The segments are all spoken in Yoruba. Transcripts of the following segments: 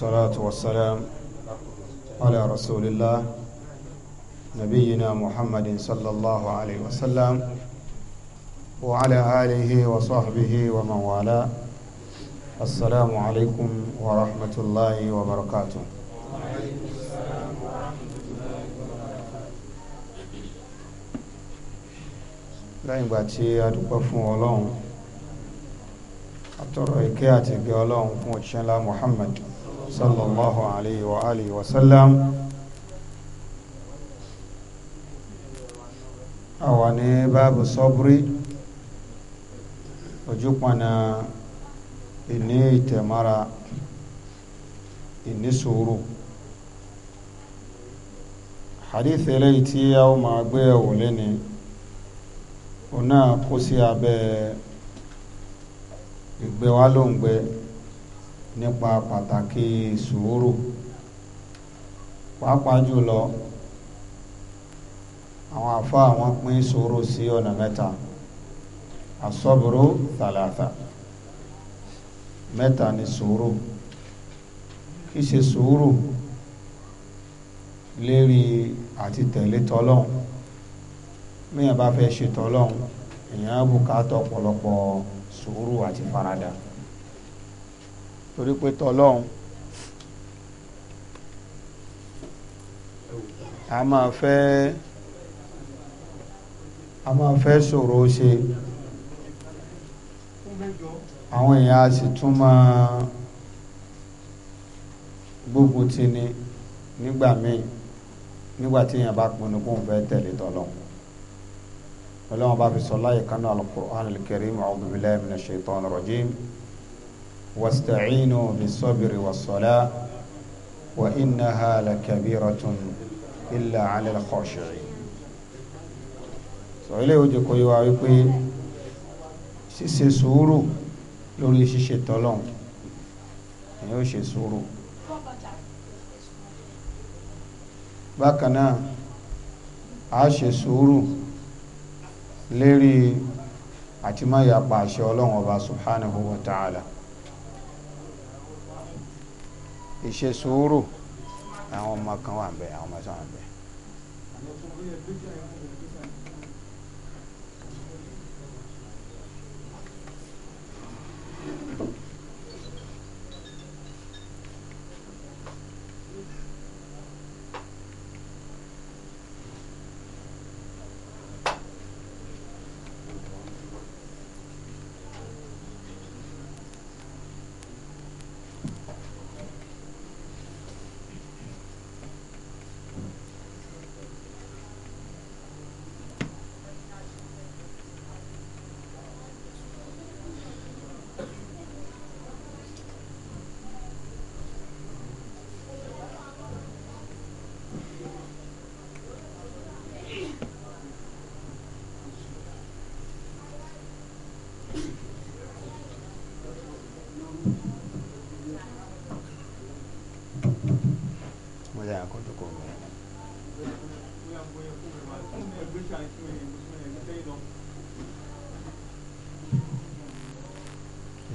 الصلاة والسلام على رسول الله نبينا محمد صلى الله عليه وسلم وعلى آله وصحبه ومن والاه السلام عليكم ورحمة الله وبركاته lẹ́yìn ìgbà tí a dúpẹ́ fún ọlọ́run àtọ̀rọ̀ ìkẹ́ àti ìgbẹ́ ọlọ́run fún òṣìṣẹ́ ńlá muhammad صلى الله عليه وآله وسلم أواني باب الصبر وجبنا إني تمارا إني سورو حديث إليتي أو ما أبيه ولني هنا قصي أبي ìgbé ló ń gbé nípa pàtàkì sùúrù pàápàá jùlọ àwọn àfá àwọn pín sùúrù sí ọ̀nà mẹ́ta asọ́bùrú tàlàtà mẹ́ta ni sùúrù kí ṣe sùúrù lérí àti tẹ̀lé tọ́lọ́hun míyàn bá fẹ́ ṣe tọ́lọ́hun èèyàn bùkátà ọ̀pọ̀lọpọ̀ sùúrù àti faradà torí pé tọlọ́hún a máa fẹ́ a máa fẹ́ ṣòro ṣe àwọn èèyàn a sì tún máa gbógun ti ni nígbà míì nígbà tí èèyàn bá pinnu kóun fẹ́ tẹ̀lé tọlọ́hún ọlọ́run bá fi sọ láyé kánú al-Qur'an al-Karim a'udhu billahi minash واستعينوا بالصبر والصلاة وإنها لكبيرة إلا على الخاشعين sọ ilé ojú kò yíwa wípé ṣíṣe sùúrù lórí ṣíṣe tọ́lọ́hún ni ó ṣe sùúrù bákan náà a ṣe sùúrù lérí àti má yapa àṣẹ ọlọ́run ọba subhanahu wa ta'ala. ala ìṣe sùúrù àwọn ọmọ kan wà ń àwọn ọmọ sọ wà ń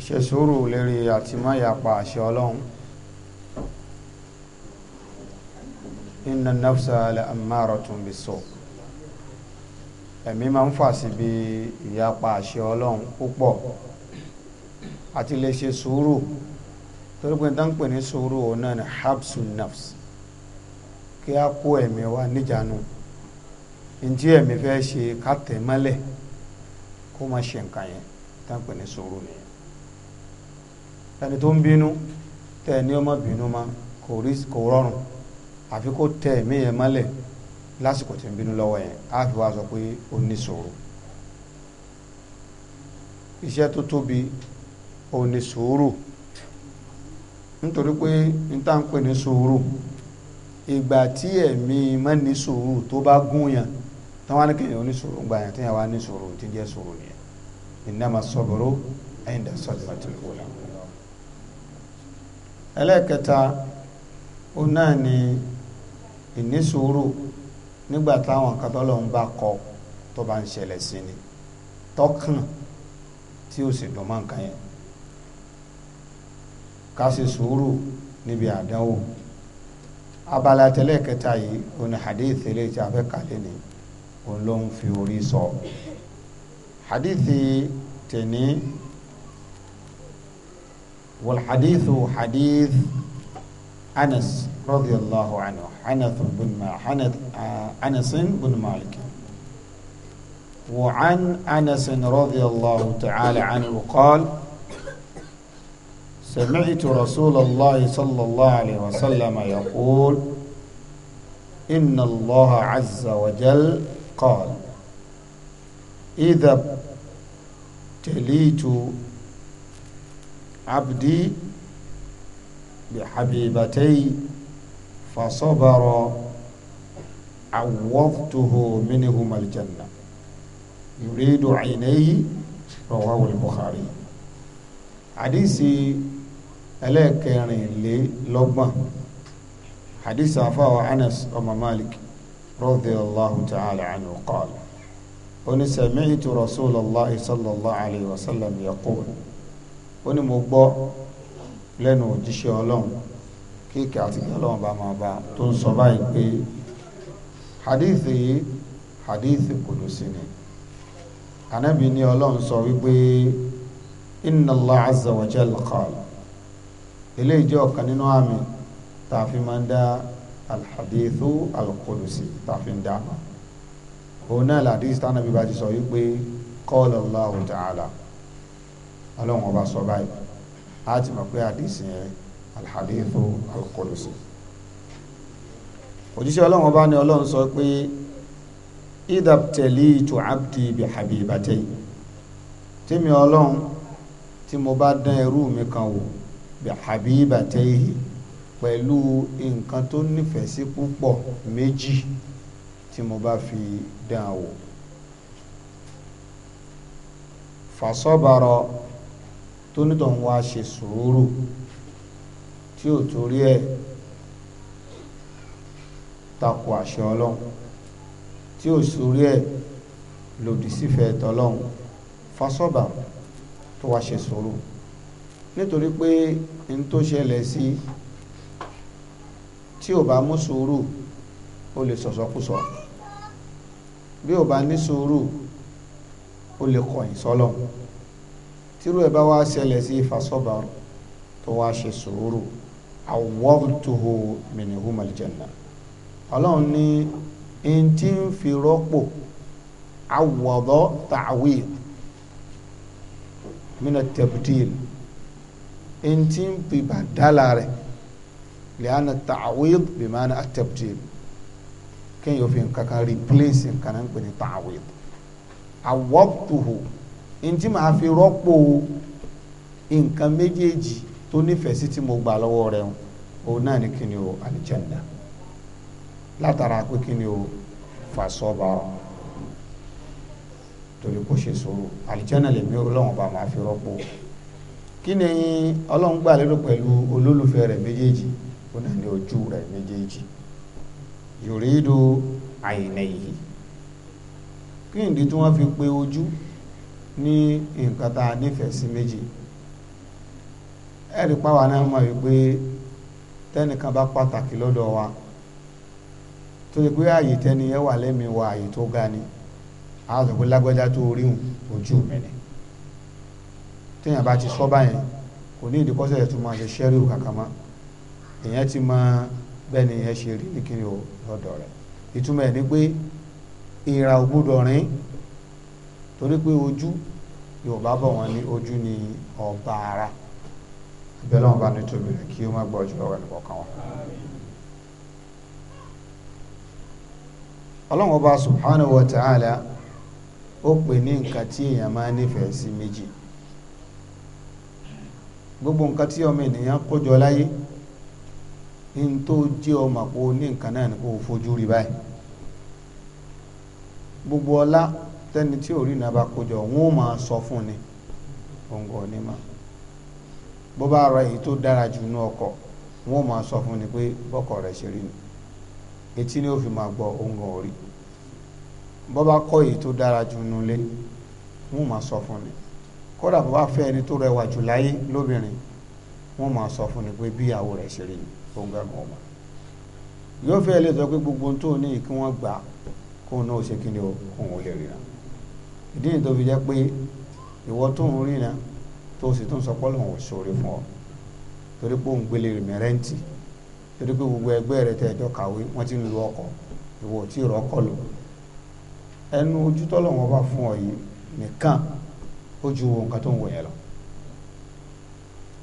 ṣe sùúrù lérí àti má yapa àṣẹ ọlọ́run inna nafsa la ammaratun biso ẹ̀mí máa ń fà síbi ìyapa àṣẹ ọlọ́run púpọ̀ àti lè ṣe sùúrù torí pé tá ń pè ní sùúrù òun náà ni habsun nafs kí a kó ẹ̀mí wa níjànú ntí ẹ̀mí fẹ́ ṣe ká tẹ̀ mọ́lẹ̀ kó má ṣe nǹkan yẹn tá ń pè ní sùúrù nìyẹn ẹni tó ń bínú tẹ ní ọmọ bínú ma kò rí kò rọrùn àfi kó tẹ ẹ̀mí yẹn mọ́lẹ̀ lásìkò tí ń bínú lọ́wọ́ yẹn á fi wá sọ pé ó ní sùúrù iṣẹ́ tó tóbi ó ní sùúrù nítorí pé n tá ń pè ní sùúrù ìgbà tí ẹ̀mí má ní sùúrù tó bá gún yàn táwọn ní kéèyàn ní sùúrù gbà yàn téèyàn wá ní sùúrù tí jẹ́ sùúrù nìyẹn innama sabru inda sadmatil ula ẹlẹ́ẹ̀kẹta ó náà ni ìnísùúrù nígbà táwọn kan tọ́lọ́hun bá kọ tó bá ń ṣẹlẹ̀ sí ni tọ́kàn tí ó sì dùn mọ́ nǹkan yẹn ká ṣe sùúrù níbi àdánwò abala tẹ́lẹ̀ kẹta yìí òní hadith ilé tí a fẹ́ kàlẹ́ ni òun ló ń fi orí sọ hadith tẹ̀ní والحديث حديث أنس رضي الله عنه حنث بن حنث أنس بن مالك وعن أنس رضي الله تعالى عنه قال سمعت رسول الله صلى الله عليه وسلم يقول إن الله عز وجل قال إذا ابتليت abdi bihabibatayi fasọ́bàrọ̀ awọ́tuhu minihu malijanna yuridu ayinayi rawahu al-bukhari hadisi ẹlẹ́ẹ̀kẹrin lé lọ́gbọ̀n hadisi afáwọ anas ọmọ malik radiyallahu ta'ala anhu qala onisẹ̀mẹ́yìtì rasulallah sallallahu alayhi wa sallam yaqul ó ní mo gbọ́ lẹ́nu òjíṣẹ́ ọlọ́run kíkì àti ọlọ́run bá máa bá tó ń sọ báyìí pé hadith yìí hadith kudusi ni anabi ní ọlọ́run sọ wípé inna Allah azza wa jalla qala eléyìí jẹ́ ọ̀kan nínú àmì tààfi máa ń dá alhadithu alkudusi tààfi ń dá òun náà làdíìsì tánàbí bá ti sọ wípé qala Allahu ta'ala ọlọ́run ọba sọ báyìí a ti mọ̀ pé àdìsí yẹn alhadithu alqudsi òjíṣẹ́ ọlọ́run ọba ni ọlọ́run sọ pé idabtali tu abdi bi habibatayi tèmi ọlọ́run tí mo bá dán ẹrú mi kan wò bi habibatayi pẹ̀lú nǹkan tó nífẹ̀ẹ́ sí púpọ̀ méjì tí mo bá fi dán wò fasọ́bàrọ̀ tónítọ̀hún wá ṣe sùúrù tí ò torí ẹ̀ takò àṣẹ ọlọ́run tí ò sórí ẹ̀ lòdì sífẹ̀ẹ́ tọlọ́run fásọ́bà tó wá ṣe sùúrù nítorí pé n tó ṣẹlẹ̀ sí tí ò bá mú sùúrù ó lè sọ̀sọ́kúsọ bí ò bá ní sùúrù ó lè kọ̀yìn sọ́lọ́run tírú ẹ̀ bá wá ṣẹlẹ̀ sí fasọ́bà tó wá ṣe sùúrù àwọ̀tuhu mìnìhùn màlìjẹ̀nà ọlọ́run ní n tí ń fi rọ́pò àwọ̀dọ́ tàwí mina tabdil n tí ń fi bàdálà rẹ̀ lẹ́yìn tàwí bìmánà tabdil kéèyàn fi nǹkan kan replace nǹkan náà ń pè ní tàwí àwọ̀tuhu n tí màá fi rọ́pò nǹkan méjèèjì tó nífẹ̀ẹ́ sí tí mo gbà lọ́wọ́ rẹ̀ òun náà ni kí ni o àlìjẹ́ndà látara pé kí ni o fàṣọba torí kò ṣe sòrò àlìjẹ́ndà lèmi ọlọ́run bá màá fi rọ́pò kí ọlọ́run gbà lérò pẹ̀lú olólùfẹ́ rẹ̀ méjèèjì òun náà ni ojú rẹ̀ méjèèjì yòrídò àyìnlẹ̀ kí nìdí tí wọ́n fi pe ojú ní nǹkan tá a nífẹ̀ẹ́ sí méjì ẹ̀rí pàwọn náà mọ̀ wípé tẹ́nìkan bá pàtàkì lọ́dọ̀ wa tó yẹ pé ààyè tẹ́ni yẹn wà lẹ́mìí wa ààyè tó ga ni a sọ pé lágbájá tó rí hùn ojú mi ni téèyàn bá ti sọ báyẹn kò ní ìdíkọ́sẹ̀ tó máa ṣe ṣẹ́rí ò kàkà mọ́ èèyàn ti mọ bẹ́ẹ̀ ni ìyẹn ṣe rí ní kíni ò rẹ̀ ìtumọ̀ ẹ̀ ni pé ìra ò rìn torí pé ojú yorùbá bọ̀ wọ́n ní ojú ni ọba ara abẹ́lẹ́ wọn bá ní tóbi rẹ̀ kí ó má gbọ́ jù lọ́wọ́ ẹnìkọ̀ọ̀kan wa. ọlọ́run ọba subhanahu wa ta'ala ó pè ní nǹkan tí èèyàn máa nífẹ̀ẹ́ sí méjì gbogbo nǹkan tí ọmọ ènìyàn kójọ láyé ní tó jẹ́ ọmọ àpò ní nǹkan náà ni kò fojú rí báyìí gbogbo ọlá tẹ́ni tí ò rí iná bá kójọ wọn ò máa sọ fún ni òǹgọ̀ onímọ̀ bó bá ra èyí tó dára jù nú ọkọ̀ wọn ò máa sọ fún ni pé bọ́kọ̀ rẹ̀ ṣe rí ni etí ni ó fi máa gbọ́ òǹgọ̀ orí bó bá kọ́ èyí tó dára jù nú ilé wọn ò máa sọ fún ni kódà bó bá fẹ́ ẹni tó rẹwà jù láyé lóbìnrin wọn ò máa sọ fún ni pé bí ìyàwó rẹ̀ ṣe rí ni òǹgọ̀ ọmọ ọmọ yóò fẹ́ lè sọ pé gbogbo ohun tó ní kí wọ́n gbà kóun náà ó ṣe kí ni òun ò lè ríran ìdí nìyí tó fi jẹ́ pé ìwọ tó ń rìn náà tó o sì tún sọ pọ́lọ̀ wọ̀ sórí fún ọ torí pé òun gbélé rìn mẹ́rẹ́ǹtì torí pé gbogbo ẹgbẹ́ rẹ tẹ ẹjọ́ kàwé wọ́n ti ń lu ọkọ̀ ìwọ ò tí ì rọ́kọ̀ lò ẹnu ojú tọ́lọ̀ bá fún ọ yìí nìkan ó ju wo nǹkan tó ń wò yẹn lọ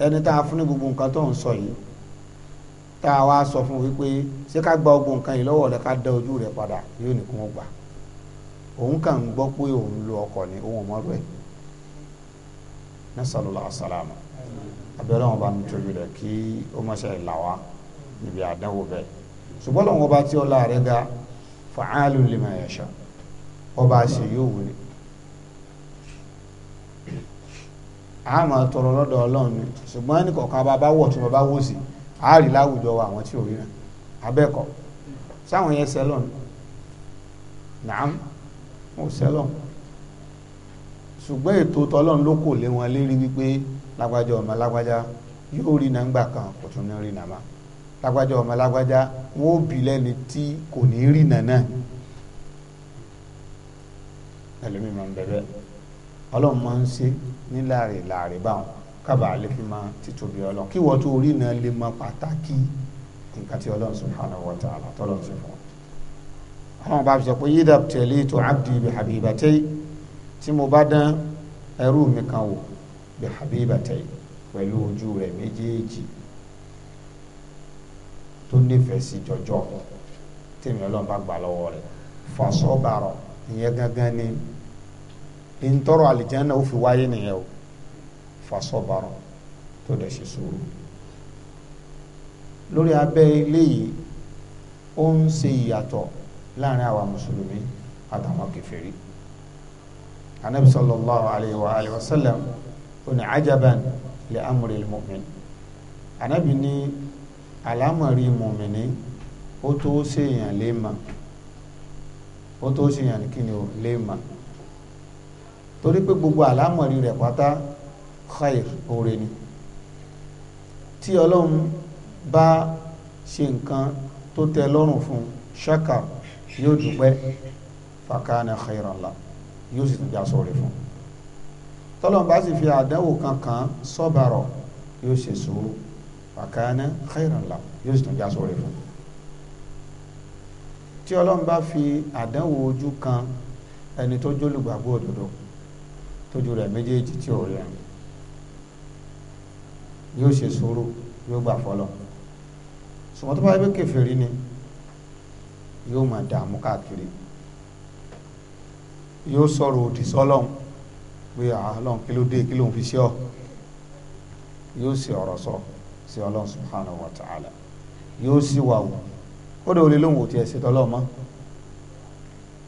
ẹni tá a fún ní gbogbo nǹkan tó ń sọ yìí tá a wá sọ fún wípé ṣé ká gba gbogbo nǹkan yìí lọ́wọ́ rẹ ká dá ojú rẹ padà yóò nìkún ó gbà á òun kàn ń gbọ́ pé òun lo ọkọ̀ ni òun mọ́rú ẹ̀ nasalula asalaamu abẹ́rẹ́ wọn bá mi tóbi rẹ̀ kí ó má ṣe là wá níbi àdánwò bẹ́ẹ̀ ṣùgbọ́n lọ́wọ́ bá tí ọlá rẹ̀ ga fa'alu lima yasha ọba ṣe yóò wuli àmọ́ tọrọ lọ́dọ̀ ọlọ́run ni ṣùgbọ́n ẹnì kọ̀ọ̀kan bá bá wọ̀ tí wọ́n bá wò sí àárí láwùjọ wa àwọn tí ò rí náà abẹ́ẹ̀kọ́ sáwọn yẹn sẹ́lọ̀ nàám wọn ò sẹ́lọ̀ ṣùgbọ́n ètò tọlọ́run ló kò lé wọn lérí wípé lágbájá ọmọ lágbájá yóò rí nàǹgbà kan kò tún ní rí nàmá lágbájá ọmọ lágbájá wọn ò bí lẹ́ni tí kò ní rí nàná ẹlòmíì máa ń bẹ̀rẹ̀ ọlọ́run máa ń ṣe ní láàrin láàrin báwọn kábàá lè fi máa títóbi ọlọ́run kí wọ́n tó rí náà lè máa pàtàkì nǹkan tí ọlọ́run subhanahu wa ta'ala tọ́lọ́run ṣe fún wọn ọlọ́run bá fi sọ pé yídà tẹ̀lé tó abdi bi habibatẹ́ tí mo bá dán ẹrú mi kan wò bi habibatẹ́ pẹ̀lú ojú rẹ̀ méjèèjì tó nífẹ̀ẹ́ sí jọjọ tèmi ọlọ́run bá gbà lọ́wọ́ rẹ̀ fasọ́bàrọ̀ ìyẹn gangan ni ntọrọ alijanna ó fi wáyé nìyẹn o fasọ́bàrọ̀ tó dẹ̀ ṣe sùúrù lórí abẹ́ ilé yìí ó ń ṣe ìyàtọ̀ láàrin àwa mùsùlùmí àtàwọn kèfèrí anabi sallallahu alayhi wa alayhi wa sallam oní ajaban li amri al-mu'min anabi ní alámọ̀rí mùmìnì ó tó ṣèyàn lè mà ó tó ṣèyàn kí ni ó lè mà torí pé gbogbo àlámọ̀rí rẹ̀ pátá khair oore ni tí ọlọ́run bá ṣe nǹkan tó tẹ́ lọ́rùn fún shakar yóò dúpẹ́ fakana khairan la yóò sì tún já sọ̀rọ̀ fún tọ́lọ́n bá sì fi àdánwò kankan sọ́bàrọ̀ yóò ṣe sùúrù fakana khairan la yóò sì tún já sọ̀rọ̀ fún tí ọlọ́run bá fi àdánwò ojú kan ẹni tó jólùgbàgbọ́ òdodo tójú rẹ̀ méjèèjì tí ò rẹ̀ yóò ṣe sùúrù yóò gbà fọlọ́ ṣùgbọ́n tó bá yẹ pé ni yóò máa dààmú káàkiri yóò sọ̀rọ̀ òdì sọ́lọ́n pé àlọ́n kí ló dé kí ló ń fi ṣe ọ́ yóò sì ọ̀rọ̀ sọ sí ọlọ́run subhanahu wa ta'ala yóò sì wà wù kódà olè lóhùn òtí ẹ̀sìn tọ́lọ́ mọ́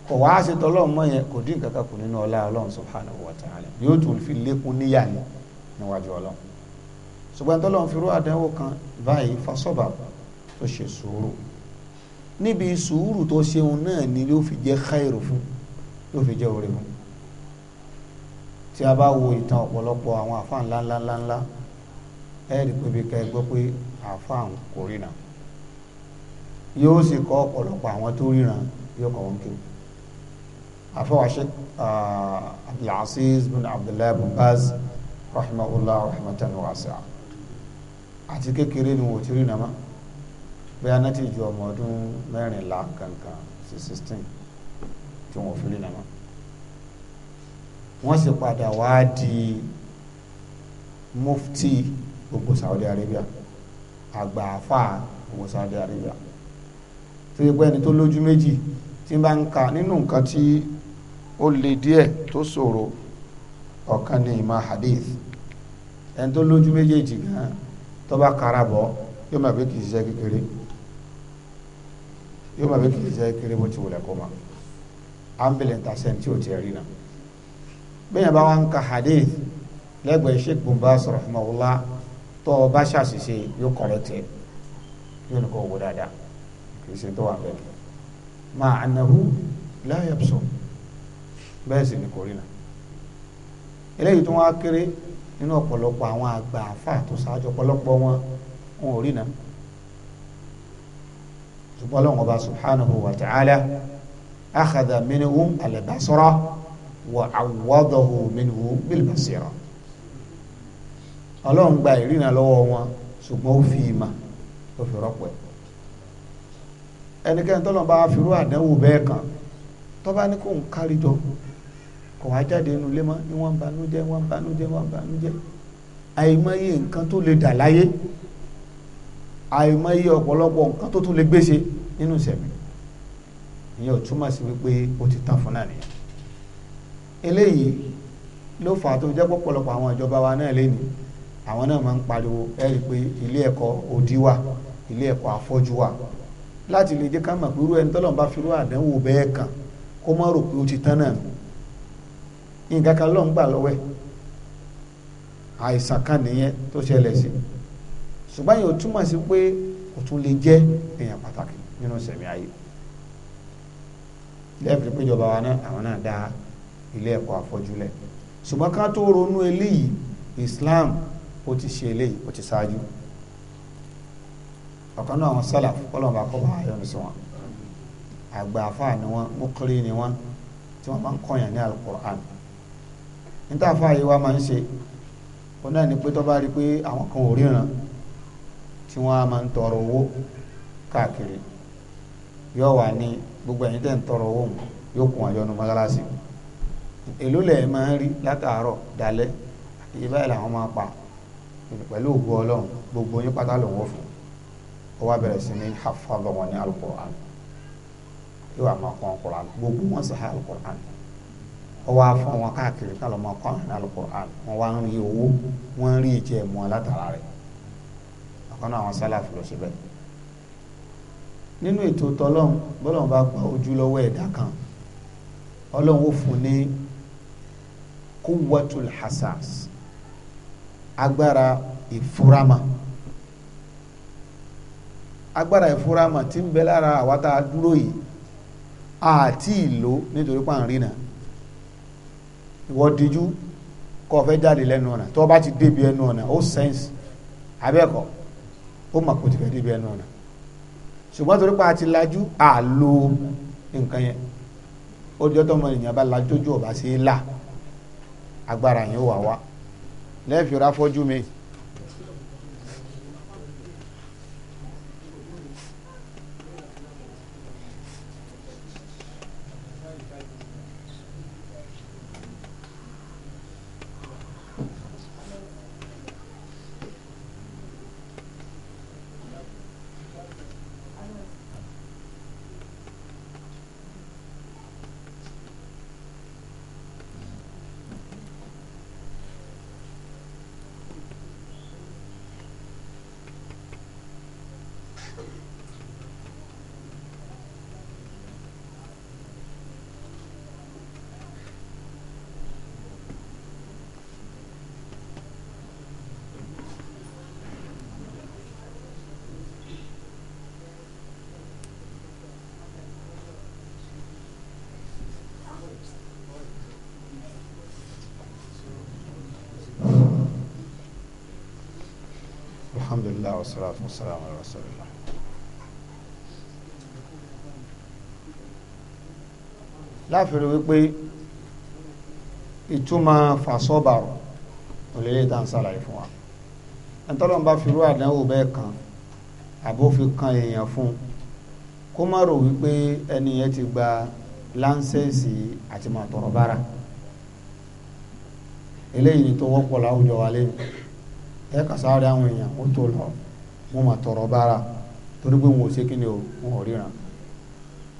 kò wá ṣe tọ́lọ́ mọ́ yẹn kò dín kankan kù nínú ọlá ọlọ́run subhanahu wa ta'ala yóò tún fi lékún níyà ni níwájú ọlọ́run ṣùgbọ́n tọ́lọ́run fi rú àdánwò kan báyìí fasọ́bà tó ṣe sùúrù níbi sùúrù tó ṣeun náà ni ló fi jẹ́ khairu fún ló fi jẹ́ orí fún tí a bá wo ìtàn ọ̀pọ̀lọpọ̀ àwọn àfa ńlá ńlá ńlá ńlá ẹ rí pé bí ká ẹ gbọ́ pé àfa ń kò ríran yóò sì kọ́ ọ̀pọ̀lọpọ̀ àwọn tó ríran yóò kọ́ wọn kiri àfa wa Abdulaziz bin Abdullahi bin Baz rahimahullah rahmatan wasi'a àti ni wò ti ríran máa bóyá náà ti ju ọmọ ọdún mẹ́rìnlá kankan sí sixteen tí wọn ò fi rí nàmọ́ wọ́n sì padà wá di mufti gbogbo Saudi Arabia àgbà àfà gbogbo Saudi Arabia tó yẹ pé ẹni tó lójú méjì tí bá ń ka nínú nǹkan tí ó le díẹ̀ tó ṣòro ọ̀kan ní ìmọ̀ hadith ẹni tó lójú méjèèjì gan tó bá karabọ̀ yóò máa gbé kì í ṣiṣẹ́ kékeré yóò máa bẹ kì í ṣe kéré bó ti wulẹ̀ kó ma ambulance àṣẹ tí o ti rí na bẹ́ẹ̀ bá wà ka hadith lẹ́gbẹ̀ẹ́ sheikh bumbas rahmanulah tó o bá ṣàṣìṣe yóò kọ̀rọ̀ tẹ yóò ní kó wò dáadáa kì í ṣe tó wà bẹ́ẹ̀ máa anahu láyé bùsùn bẹ́ẹ̀ sì ni kò rí na eléyìí tó wá kéré nínú ọ̀pọ̀lọpọ̀ àwọn àgbà àfa tó ṣáájú ọ̀pọ̀lọpọ̀ wọn wọn ò rí na ṣùgbọ́n Ọlọ́run ọba subhanahu wa ta'ala akhadha minhum al-basra wa awwadahu minhu bil-basira Ọlọ́run gba ìrìnà lọ́wọ́ wọn ṣùgbọ́n ó fi ìmà ó fi rọ́pò ẹ̀ ẹnikẹ́ni tọ́lọ́n bá firú àdánwò bẹ́ẹ̀ kan tọ́ba ní kò ń kárí jọ kò wá jáde nínú ilé mọ́ ni wọ́n ń banújẹ́ wọ́n ń banújẹ́ wọ́n ń banújẹ́ àìmọye nǹkan tó le dà láyé àìmọye ọ̀pọ̀lọpọ̀ nǹkan tó tún lè gbéṣe nínú ìṣẹ̀mí ìyẹn ò túmọ̀ sí wípé ó ti tán fún náà nìyẹn eléyìí ló fà á tó jẹ́ pọ̀pọ̀lọpọ̀ àwọn ìjọba wa náà lé àwọn náà máa ń pariwo ẹ rí i pé ilé ẹ̀kọ́ òdì wà ilé ẹ̀kọ́ afọ́jú wà láti lè jẹ́ ká mọ̀ pé irú ẹni tọ́lọ́run bá firú àdánwò bẹ́ẹ̀ kàn kó má rò pé ó ti tán náà nù nǹkan kan lọ́n gbà lọ́wẹ́ àìsàn kan nìyẹn tó ṣẹlẹ̀ sí i ṣùgbọ́n yìí ó túmọ̀ sí pé kò tún lè jẹ́ èèyàn pàtàkì nínú sẹ̀mí ayé lẹ́ẹ̀fì pé ìjọba wa náà àwọn náà dá ilé ẹ̀kọ́ àfọ́júlẹ̀ ṣùgbọ́n ká tó ronú eléyìí Islam ó ti ṣe eléyìí ó ti ṣáájú ọ̀kan náà àwọn sálà kọ́lọ́n bá kọ́ bá yọnu sí wọn àgbà àfáà ni wọn mọ́kírí ni wọn tí wọ́n máa ń kọ́yàn ní alukur'an níta àfáà yìí wá máa ń ṣe ó náà ní pé tó bá rí pé àwọn kan ò ríran tí wọ́n á máa ń tọrọ owó káàkiri yóò wà ní gbogbo ẹ̀yin tẹ̀ ń tọrọ owó òun yóò kún àjọ nu mọ́sálásí èló lẹ̀ máa ń rí látàárọ̀ dalẹ́ iye báyìí làwọn máa pa pẹ̀lú ògùn ọlọ́run gbogbo yín pátá ló wọ́ fún ó wá bẹ̀rẹ̀ sí ní hafadọ̀ wọn ní alukur'an yóò wá máa kọ́ alukur'an gbogbo wọn sì ha alukur'an ó wá fún wọn káàkiri ká ló máa kọ́ alukur'an wọn wá ń rí owó wọn ń rí ìjẹ́ mu látara rẹ̀ ọ̀kan náà àwọn sálàfù ló ṣe bẹ́ẹ̀ nínú ètò tọlọ́hún bọ́lọ́hún bá gba ojú lọ́wọ́ ẹ̀dá kan ọlọ́hún ó fún ní kúwọ́tul hasas agbára ìfúramà agbára ìfúramà tí ń bẹ lára àwa tá a dúró yìí àti ìlò nítorí pàǹrínà ìwọ díjú kọ́ jáde lẹ́nu ọ̀nà tó bá ti débi ẹnu ọ̀nà ó sẹ́ǹsì abẹ́ẹ̀kọ́ ó mà kó ti fẹ́ débi ẹnu ọ̀nà ṣùgbọ́n torí pa àti lajú àlò nǹkan yẹn ó jọ́ tọ́mọ ènìyàn bá lajú tójú ọ̀bá sí í là agbára yẹn wà wá lẹ́ẹ̀fì rà fọ́jú mi. والصلاة والسلام على رسول الله láfiri wípé ìtumọ̀ fàṣọ́bàrọ̀ òlélẹ́ tá à ń ṣàlàyé fún wa ẹ̀ńtọ́lọ́n bá firú àdánwò bẹ́ẹ̀ kan àbófin kan èèyàn fún kó má rò wípé ẹni yẹn ti gba láńsẹ̀nsì àti màtọ̀rọ̀ bára eléyìí tó wọ́pọ̀ láwùjọ wa lẹ́nu ẹ̀ kàsáàrí àwọn èèyàn ó tó lọ wọ́n ma tọrọ bára torí pé wọn ò ṣe kíni o wọn ò ríran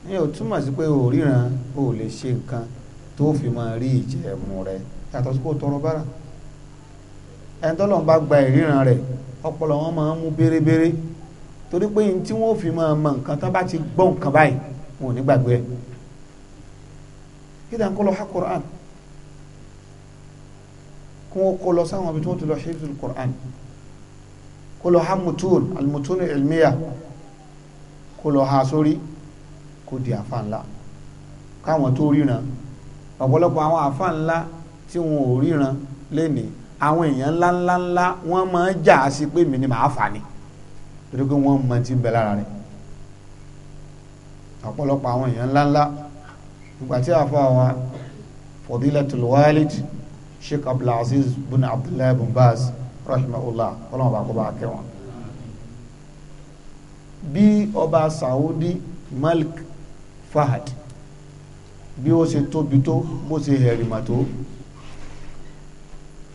ní o sí pé o ríran o lè ṣe nǹkan tó fi máa rí ìjẹ̀mú rẹ yàtọ̀ sí kó tọrọ bára ẹni tó lọ́n bá gba ìríran rẹ̀ ọpọlọ wọn máa ń mú torí pé ní tí fi máa ti gbọ́ nǹkan báyìí wọn ò ní gbàgbé ń ha kó lọ ha mutun almutun ilmiya kó lọ ha sórí kó di àfa ńlá káwọn tó ríran ọ̀pọ̀lọpọ̀ àwọn àfa ńlá tí wọn ò ríran lénìí àwọn èèyàn ńláńláńlá wọ́n máa ń jà á sí pé mi ni màá fà ni torí pé wọ́n mọ ti ń bẹ lára rẹ̀ ọ̀pọ̀lọpọ̀ àwọn èèyàn ńláńlá ìgbà tí àfa wa fadilatul walid sheikh abdulaziz bin abdullahi bin baz rahimahullah ọlọ́run bá kó bá kẹ́ wọn. bí ọba Saudi Malik Fahad bí ó ṣe tóbi tó bó ṣe hẹ̀rìmà tó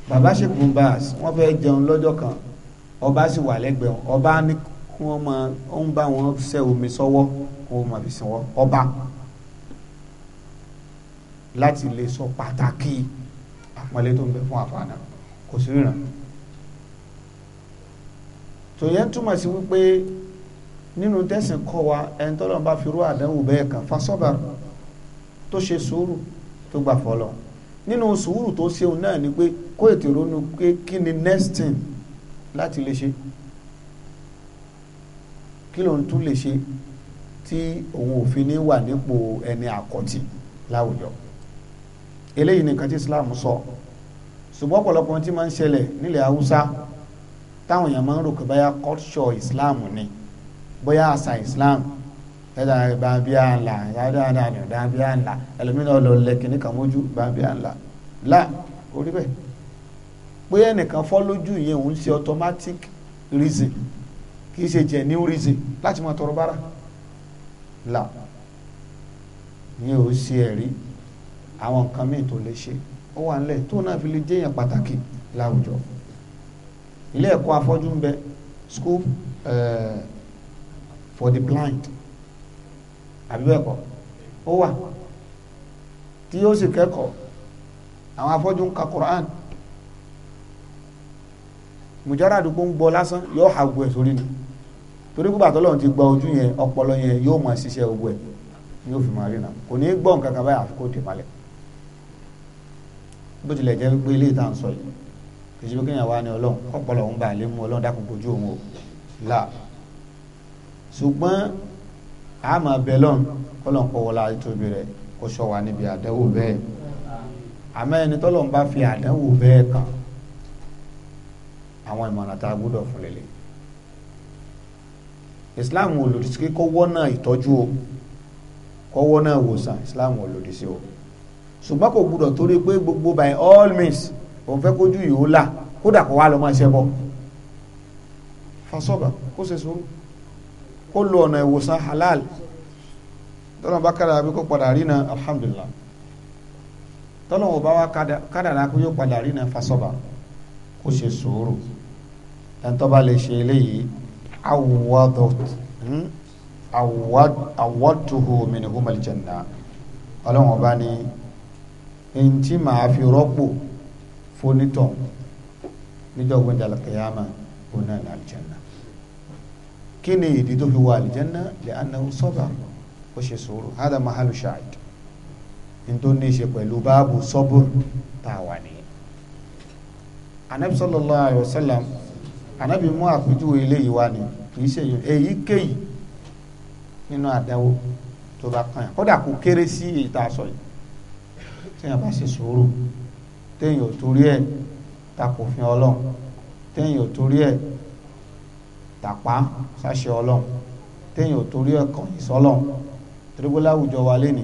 bàbá ṣègùn baas wọ́n fẹ́ jẹun lọ́jọ́ kan ọba sì wà lẹ́gbẹ̀ẹ́ wọn ọba ní kí wọ́n máa ń bá wọn ṣe omi sọ́wọ́ kó máa fi sìn wọ́n ọba láti lè sọ pàtàkì àpọ́nlé tó ń bẹ fún àfààná kò sí ìrànlọ́wọ́ tó yẹn túmọ̀ sí wípé nínú tẹ̀sán kọ́ wa ẹni tọ́lọ́ bá fi rú àdánwò bẹ́ẹ̀ kan fasọ́bà tó ṣe sùúrù tó gbà fọlọ́ nínú sùúrù tó ṣeun náà ni pé kó ètò ìrònú pé kí ni next thing láti lè ṣe kí ló ń tún lè ṣe tí òun òfin ní wà nípò ẹni àkọ́tì láwùjọ eléyìí nìkan tí Islam sọ ṣùgbọ́n ọ̀pọ̀lọpọ̀ tí máa ń ṣẹlẹ̀ nílẹ̀ Haúsá táwọn èèyàn máa ń rò pé bóyá culture islam ni bóyá àṣà islam ẹ̀dá bàbíà ńlá yàdáadáa bàbíà ńlá ẹlòmíràn lọ lẹ́kìnní kan mójú bàbíà ńlá là orí bẹ́ẹ̀ pé ẹnìkan fọ́ lójú yẹn òun ṣe automatic reason kì í ṣe genuine reason láti máa tọrọ bára là yẹn ò ṣe ẹ̀rí àwọn nǹkan míì tó lè ṣe ó wà ńlẹ̀ tó náà fi lè jẹ́yàn pàtàkì láwùjọ ilé ẹ̀kọ́ afọ́jú ń bẹ school uh, for the blind àbí bẹ́ẹ̀ kọ́ ó wà tí yóò sì kẹ́kọ̀ọ́ àwọn afọ́jú ń ka Quran mùjára àdúgbò ń gbọ́ lásán yóò hàgbọ́ ẹ̀ sórí ni torí gbogbo àtọ́lọ́run ti gba ojú yẹn ọpọlọ yẹn yóò máa ṣiṣẹ́ ogun ẹ̀ ní òfin máa rí náà kò ní gbọ́ nǹkan kan báyà àfikún tèmalẹ̀ bó tilẹ̀ jẹ́ pé ilé ìta ń sọ yìí ìṣẹ́bí kéèyàn wá ní ọlọ́run ọpọlọ òun bá lè mú ọlọ́run dákun kojú òun o là ṣùgbọ́n àmọ́ bẹ́lọ́n kọ́lọ́n kọ́ wọlá tóbi rẹ̀ kó sọ wà níbi àdánwò bẹ́ẹ̀ àmọ́ ẹni tọ́lọ́run bá fi àdánwò bẹ́ẹ̀ kàn àwọn ìmọ̀ràn tá a gbọ́dọ̀ fún lélẹ̀ Islam ò lòdì sí kọ́wọ́ náà ìtọ́jú o kọ́wọ́ náà wòsàn Islam ò lòdì sí o ṣùgbọ́n kò gbọ́dọ̀ torí pé gbogbo by all means òun fẹ́ kójú yìí ó là kódà kó wá lọ máa ṣẹbọ fasọba kó ṣe sùúrù kó lo ọ̀nà ìwòsàn halal tọ́lọ́n bá kádàrá bí kò padà rí na alhamdulillah tọ́lọ́n ò bá wá kádàrá kó yóò padà rí na fasọba kó ṣe sùúrù ẹ̀ńtọ́ bá lè ṣe eléyìí awwadot hmm, awwaduhu minhum aljanna ọlọ́wọ́n bá ní ẹni tí màá fi rọ́pò fonitọn níjọ́ gbẹdẹ alikiyama ó náà ní alijanna kí ni ìdí tó fi wọ alijanna lè anahu sọba ó ṣe sùúrù hada mahalu shahid nítorí ní í ṣe pẹ̀lú báàbù sọ́bù tá a wà nìyẹn anabi sallallahu alayhi wa sallam anabi mú àpèjúwe eléyìí wá ni kì í ṣe èyíkéyìí nínú àdáwó tó bá kàn yàn kódà kò kéré sí èyí sọ yìí tí bá ṣe sùúrù téèyàn ò torí ẹ̀ takòfin ọlọ́run téèyàn ò torí ẹ̀ tàpá sáṣẹ ọlọ́run téèyàn ò torí ẹ̀ kọ̀yìn sọ́lọ́run torípólá àwùjọ wa lé ní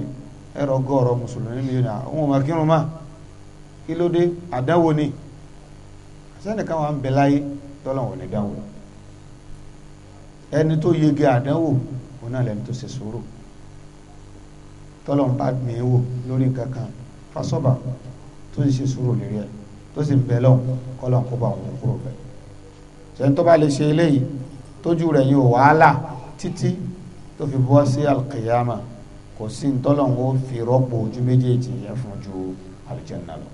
ẹ̀rọ gọ́ọ̀rọ̀ mùsùlùmí mi nà òun mà kírun mà kí ló dé àdánwò ni sẹ́nìkan wà ń bẹ láyé tọ́lọ́wọ̀n lè dáwò ẹni tó yege àdánwò òun náà lẹni tó ṣe sùúrù tọ́lọ́wọ̀n bá mi wò lórí nǹkan kan fasọ́bà tó ń ṣe sùúrù lérí ẹ̀ tó sì ń bẹ lọ́hùn kọ́lọ́hùn kó bá wọn mú kúrò bẹ́ẹ̀ ṣẹ́ni tó bá lè ṣe eléyìí tójú rẹ̀ fi bọ́ sí alkiyama kò sí ntọ́lọ́hùn ó fi rọ́pò ojú méjèèjì yẹn fún ju aljanna lọ.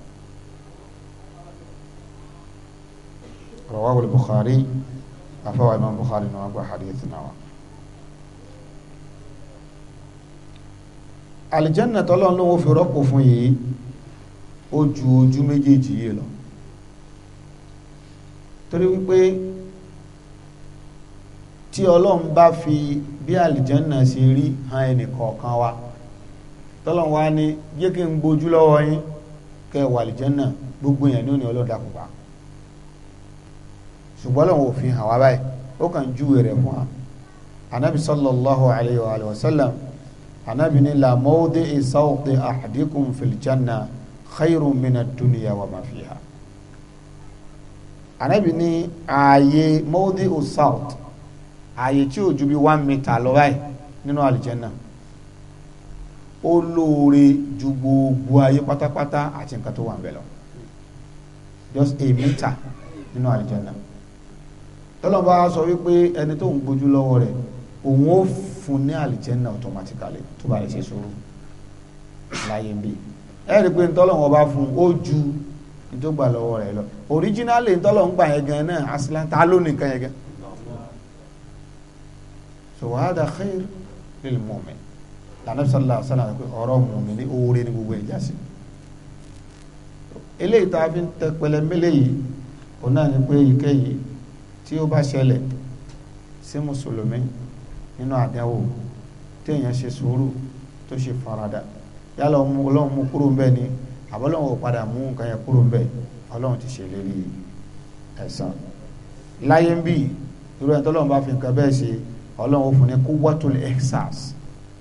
rawahu al-bukhari afawa imam bukhari ni wọn gba hadith náà wa. aljanna tọ́lọ́hùn ló ń fi rọ́pò fún yìí ó ju ojú méjèèjì yìí lọ torí wípé tí ọlọ́run bá fi bí àlìjánà ṣe rí han ẹnìkọ̀ọ̀kan wa tọ́lọ́run wá ní jẹ́ kí n gbójú lọ́wọ́ yín kẹ́ wà àlìjánà gbogbo èèyàn ní òní ọlọ́dàkùnbà ṣùgbọ́n ọlọ́run ò fi hàn wá báyìí ó kàn júwe rẹ̀ fún wa anabi sallallahu alayhi wa sallam anabi ni la mawdi isawdi ahadikum fil khairu mina dunya wa ma fiha anabi ní ààyè mọ́ọ́dí o south ààyè tí ò ju bí one meter lọ báyìí nínú àlìjẹ́nà ó lóore ju gbogbo ayé pátápátá àti nǹkan tó wà ń bẹ lọ just a meter nínú àlìjẹ́nà tọ́lọ́ba sọ wípé ẹni tó ń gbójú lọ́wọ́ rẹ̀ òun ó fún ní àlìjẹ́nà automatically tó bá lè ṣe sùúrù láyé bíi ẹ̀rí pé ntọ́lọ́wọ́n bá fún ó ju tó gbà lọ́wọ́ rẹ̀ lọ originally ntọ́lọ́wọ́n gbà yẹn gan náà aslan ta ló nìkan yẹn gan so wàhádà khair lil mu'min lànàbí sallallahu alaihi wasallam pé ọ̀rọ̀ mu'min ní oore ní gbogbo ẹ̀já sí eléyìí tá a fi ń tẹ pẹlẹmbélé yìí òun náà ni pé ìkẹyìí tí ó bá ṣẹlẹ̀ sí mùsùlùmí nínú àdánwò téèyàn ṣe sùúrù tó ṣe faradà yálà ọlọ́run mú kúrò ń bẹ̀ ni àbọ́lọ́run ò padà mú nǹkan yẹn kúrò ń bẹ̀ ọlọ́run ti ṣèlérí ẹ̀san láyé ń bì irú ẹni tọ́lọ́run bá fi nǹkan bẹ́ẹ̀ ṣe ọlọ́run ó fún ní quwwatul ihsas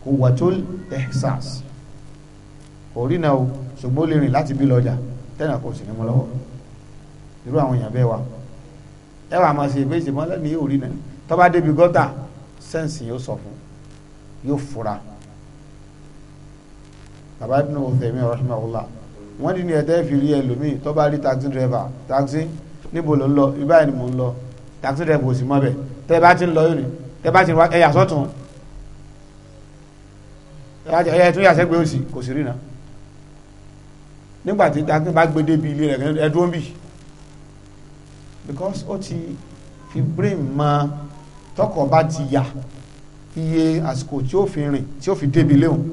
quwwatul ihsas kò rí náà o ṣùgbọ́n ó lè rìn láti bí lọ́jà tẹ́nà kò sì ní mú lọ́wọ́ irú àwọn èèyàn bẹ́ẹ̀ wa ẹ wà máa ṣe ìbéjì mọ́lẹ́ ní yóò rí náà tọ́ba débi gọ́tà sẹ́ǹsì yóò sọ fún yóò fura bàbá Ibn Uthaymin rahimahullah wọ́n ní ní ẹ̀tẹ́ fi rí ẹlòmíì tó bá rí taxi driver taxi níbo ló ń lọ ibà ni mò ń lọ taxi driver ò sì mọ́ bẹ̀ tẹ́ bá ti ń lọ yóò ní tẹ́ bá ti ń wá ẹ̀yà sọ́tún ẹ̀yà tún yàtọ̀ gbé òsì kò sí rí náà nígbà tí taxi bá gbé débi ilé rẹ̀ ẹ̀dúró ń bì because ó ti fi brain ma tọkọ̀ bá ti yà iye àsìkò tí ó fi rìn tí ó fi débi léhùn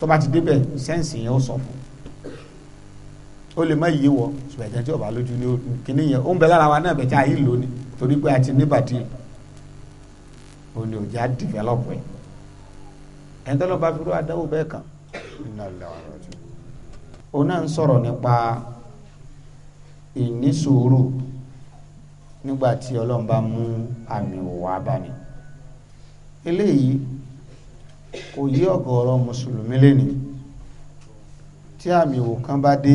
tó bá ti débẹ̀ sẹ́ǹsì yẹn ó sọ fún ó lè má yíwọ ṣùgbọ́n ẹ̀jẹ̀ tí ọba lójú ní kíní yẹn ó ń bẹ lára wa náà bẹ̀jẹ̀ ayé lónìí torí pé a ti níbàdí òní òjá dìvẹ́lọ́pù ẹ̀ ẹni tó lọ bá fi rú adáwó bẹ́ẹ̀ kàn iná náà ń sọ̀rọ̀ nípa ìnísùúrù nígbà tí ọlọ́run bá mú àmì òwò abáni eléyìí kò yí ọ̀gọ̀ọ̀rọ̀ mùsùlùmí lénìí tí àmì ìwò kan bá dé